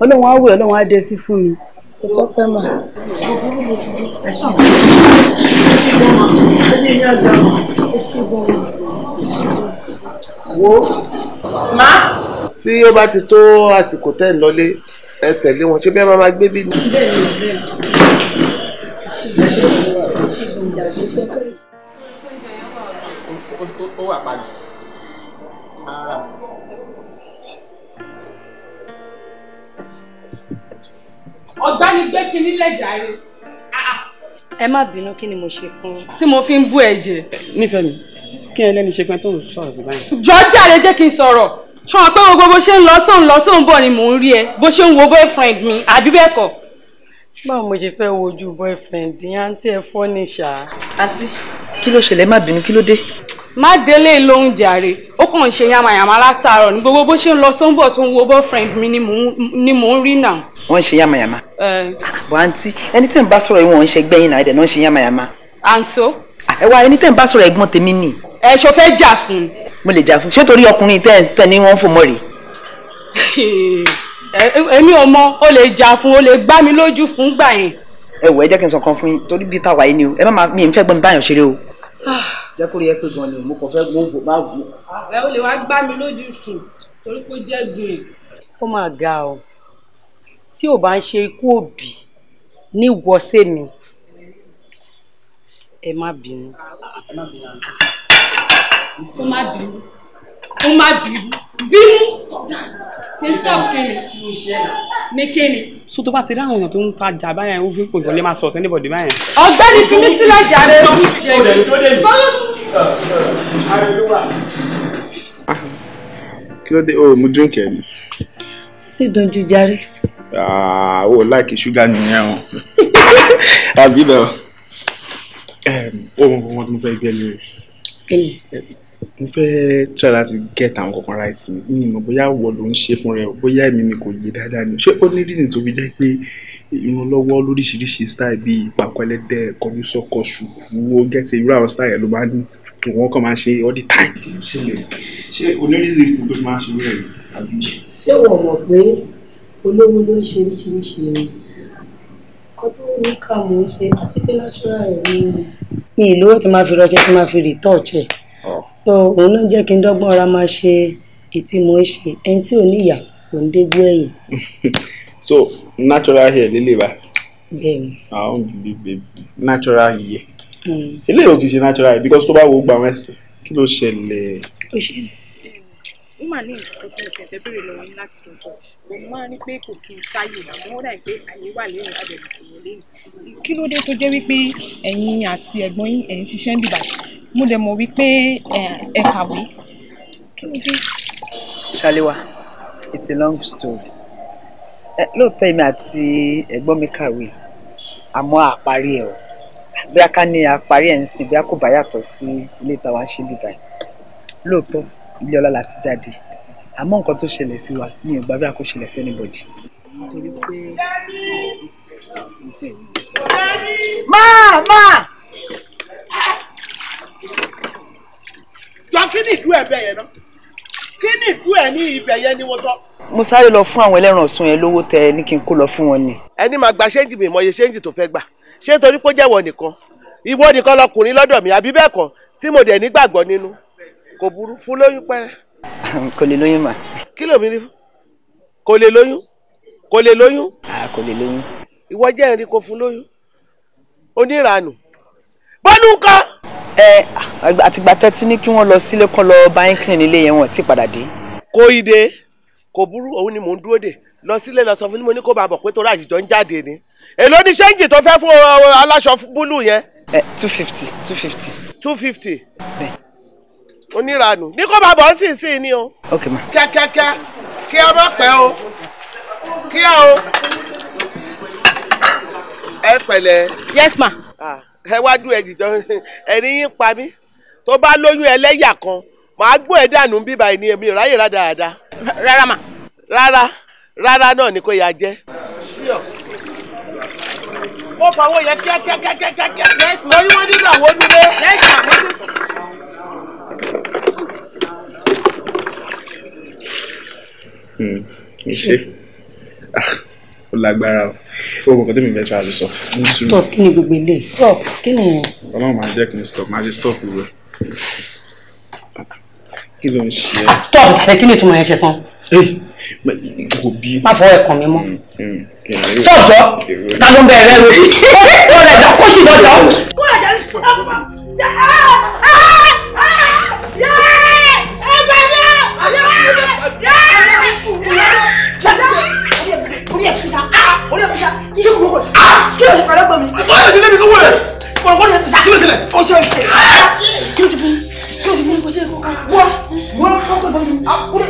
ọlọ́run á wẹ̀ ọlọ́run á dẹ́sí fún mi kò tọ́pẹ́ mà. má. tí ó bá ti tó àsìkò tẹ́ ń lọlé ẹ tẹ̀lé wọn ṣé bí ẹ máa gbé bí. bẹ́ẹ̀ni ó wà pàdé. ọ̀gbẹ́ni gbé kinní lẹ́jà rẹ. Ah, ah. ẹ má bínú kí ni mo ṣe fún. tí mo fi ń bú ẹ jẹ. nífẹ̀ẹ́ mi kí ẹ lẹ́nu ṣe pé tó ń sọ̀rọ̀ sí báyìí. jọ jàre jẹ́ kí n sọ̀rọ̀ sọ pé gbogbo bó ṣe ń lọ tó ń lọ tó ń bọ̀ ni mò ń rí ẹ bó ṣe ń wo boyfriend mi àbí bẹ́ẹ̀ kọ́. báwo mo ṣe fẹ́ wojú boyfriend yẹn àǹtí ẹ fọ́ ni ṣá. àǹtí kí ló ṣẹlẹ̀ má bínú kí ló dé má délé lóhùn jàre ó kàn ń ṣe yamayama látàárọ̀ ní gbogbo bó ṣe ń lọ tó ń bọ̀ tó ń wo boyfriend mi ni mò ń rí náà. wọ́n ń ṣe yamayama. bọ̀ àǹtí ẹni tẹ́ ń bá sọ̀rọ̀ yìí wọ́n ń ṣe gbẹ́yìn náà ẹ̀dẹ̀ náà ń ṣe yamayama. àǹso. ẹ wá ẹni tẹ́ ń bá sọ̀rọ̀ ẹ̀gbọ́n tèmi nì. ẹ ṣo fẹ́ jà fún. mo lè jà fún ṣé torí ọkùnrin tẹ́ ni wọ́n fò mọ́ rè. èmi ò mọ o lè jà fún o lè gbá mi lójú fún gbà yẹn. ẹ wọ ẹ jẹ́ kí n sọ kan fún yín torí bíi táwa yìí ni o ẹ má mi ì jẹ́ kó rí ẹ pé gan ni mo kàn fẹ́ gbó gbó má gbó. ẹ ò lè wá gbá mi lójú sùn torí kó jẹ́ gbìn. ó máa ga ọ tí ò bá ń ṣe ikú òbí ní wọ́sẹ̀ mi ẹ má bínú. ó má bínú. ó má bínú bínú kí n stop kéne ní kéne. so tó bá ti rí àwọn èèyàn tó ń tajà báyẹn ó fi kò ìwọlé máa sọ ọ̀sẹ̀ níbọ̀ dé báyẹn. ọ̀gbẹ́ni fi mí sílẹ̀ jàre. kí ló dé o oh, mo drink ẹ ni. ti dojú jàre. Ah, o láìkí ṣúgà nìyẹn o àbí bẹ́ẹ̀ o. ohun kan wọn tó fẹ́ gbẹ́ lórí. kí ni mo fẹ́ try láti get àwọn kankan right ni ní ìmọ̀ bóyá wọ́n ló ń ṣe fún rẹ o bóyá èmi ni kò yé dáadáa ni ṣé ó ní reason tó fi jẹ́ pé ìrànlọ́wọ́ lóríṣiríṣi style bíi ìpàkọ́ ẹlẹ́dẹ̀ kọ́ni sọ́kọ̀ ṣùkú ó gẹ́sẹ̀ irú àwọn style ló máa ń ní wọ́n kàn máa ṣe all the time. ṣé o ní reason fún tó máa ṣe rẹ̀ àbí. ṣé wọ́n mọ̀ pé olówó ló ń ṣe oríṣiríṣi ni nǹkan tó ní ká mò ń ṣe àti pé natural ẹ̀ ni. mi ìlú ó ti máa fi so òun náà jẹ́ kí n dọ́gbọ́n ra máa ṣe ètí mo ń ṣe ẹni tí ò ní ìyá kò ń dégbó ẹ̀yìn. so natural hair lélẹ̀ bá natural hair hmm. eléyìí ò kì í ṣe natural hair because tó bá wo gbà wọ́n ẹ̀sìn kí ló ṣẹlẹ̀. ó ṣẹlẹ̀ ó mà ní nǹkan tó kí n fẹ́ bèrè lọ́wọ́ yín láti dọ̀jọ́ mo máa ń pé kò kí n sáyè àmọ́ ó dàbí pé àyè wà lẹ́yìn àbẹ̀rẹ̀ kò wọlé yìí. kí ló dé tó jẹ́ wípé ẹ̀yin àti ẹ̀gbọ́n yín ẹ̀ ṣiṣẹ́ ń dìbà mo dẹ̀ mọ̀ wípé ẹ kàwé kí it's a long story lóòótọ́ èmi àti ẹ̀gbọ́n mi kàwé àmọ́ àparí ẹ̀ o bí a ká ní àparí ẹ̀ ń sìn bí a kò bá yàtọ̀ sí ilé ìtawà ṣe bí báyìí lóòótọ́ ilé ọlá la ti jáde àmọ́ nǹkan tó ṣẹlẹ̀ sí wa mi ò gbàgbé àkó ṣẹlẹ̀ sí anybody. máa máa. jọ kí ni ìdú ẹ bẹ yẹn náà kí ni ìdú ẹ ní ibẹ yẹn ni mo sọ. mo sáré lọ fún àwọn ẹlẹ́ran ọ̀sùn yẹn lówó tẹ ẹ ní kí n kó lọ fún wọn ni. ẹni máa gba ṣéǹjì mi ìmọ̀ye ṣéǹjì tó fẹ́ gbà ṣé nítorí kó jẹ́wọ́ nìkan ìwọ nìkan lọkùnrin lọ́dọ̀ mi àbí bẹ́ẹ̀ kọ́ tí mo dẹ̀ nígbàgbọ́ nínú kò burú fún lóyún pẹ́rẹ́. kò lè lóyún mà. kí ló mi kò lè lóyún kò lè lóyún. kò lè lóyún. ìwọ jẹ́ kò fún lóyún oníranù bọ́lú nǹkan ẹ àtìgbà tẹ́tí ní kí wọ́n lọ sílé kan lọ báyìí clean nílé yẹn wọn ti padà dé. kó ide kò burú òun ni mò ń dúró dè lọ sílé lọ sọ fún mi ní kó bá bọ̀ pé torí àjìjọ ń jáde ni èló ni ṣẹ́ǹjì tó fẹ́ fún uh, uh, aláṣọ búlù yẹn. ẹ two fifty two fifty. two fifty. bẹ́ẹ̀. ní kó bá bọ̀ ń sìn ni o. ok ma. kíákíákíá kí a má pẹ́ o kíá o ẹ pẹ̀lẹ́. yes ma ẹ wá dùn ẹ dìjọ ẹni yín pa mí tó bá lóyún ẹlẹ́yà kan màá gbọ́ ẹ dànù bíbá ẹni èmi ráyè rá dáadáa. rárá mà. rárá rárá náà ni kò yà jẹ́. mo fọwọ́ yẹ kíákíákíákíá torí wọ́n nílò àwọn onúlé. ṣe lágbára o ó gbọ́dọ̀ tẹ́mi bẹ́ẹ̀ ṣáà lè sọ. stop kí ni gbogbo ilé stop kí ni. ọlọ́run máa jẹ́ kí n stop máa ṣe stop rẹ kí ló ń ṣe ẹ. stop tàbí kí ni ìtumọ̀ yẹn ṣe san. kò bí. má fọwọ́ ẹ̀kan mi mọ́. stop jọ ta ló ń bẹ̀rẹ̀ rẹ o ó rẹ̀ jà kó sì lọ́jọ́. kó àjà orí ẹ̀ kìí sa orí ẹ̀ kìí sa ṣé kò kò kí ló ṣe pẹ̀lú ẹgbẹ́ mi. tó yẹ ṣe lébi lówó rẹ. kọ̀rọ̀kọ̀ ni ẹ kìí sa kí ló ṣe lẹ̀. o ṣe o ṣe kí ló ṣe fún mi kí ló ṣe fún mi kó ṣe fún mi. wọ́n wọ́n kọ́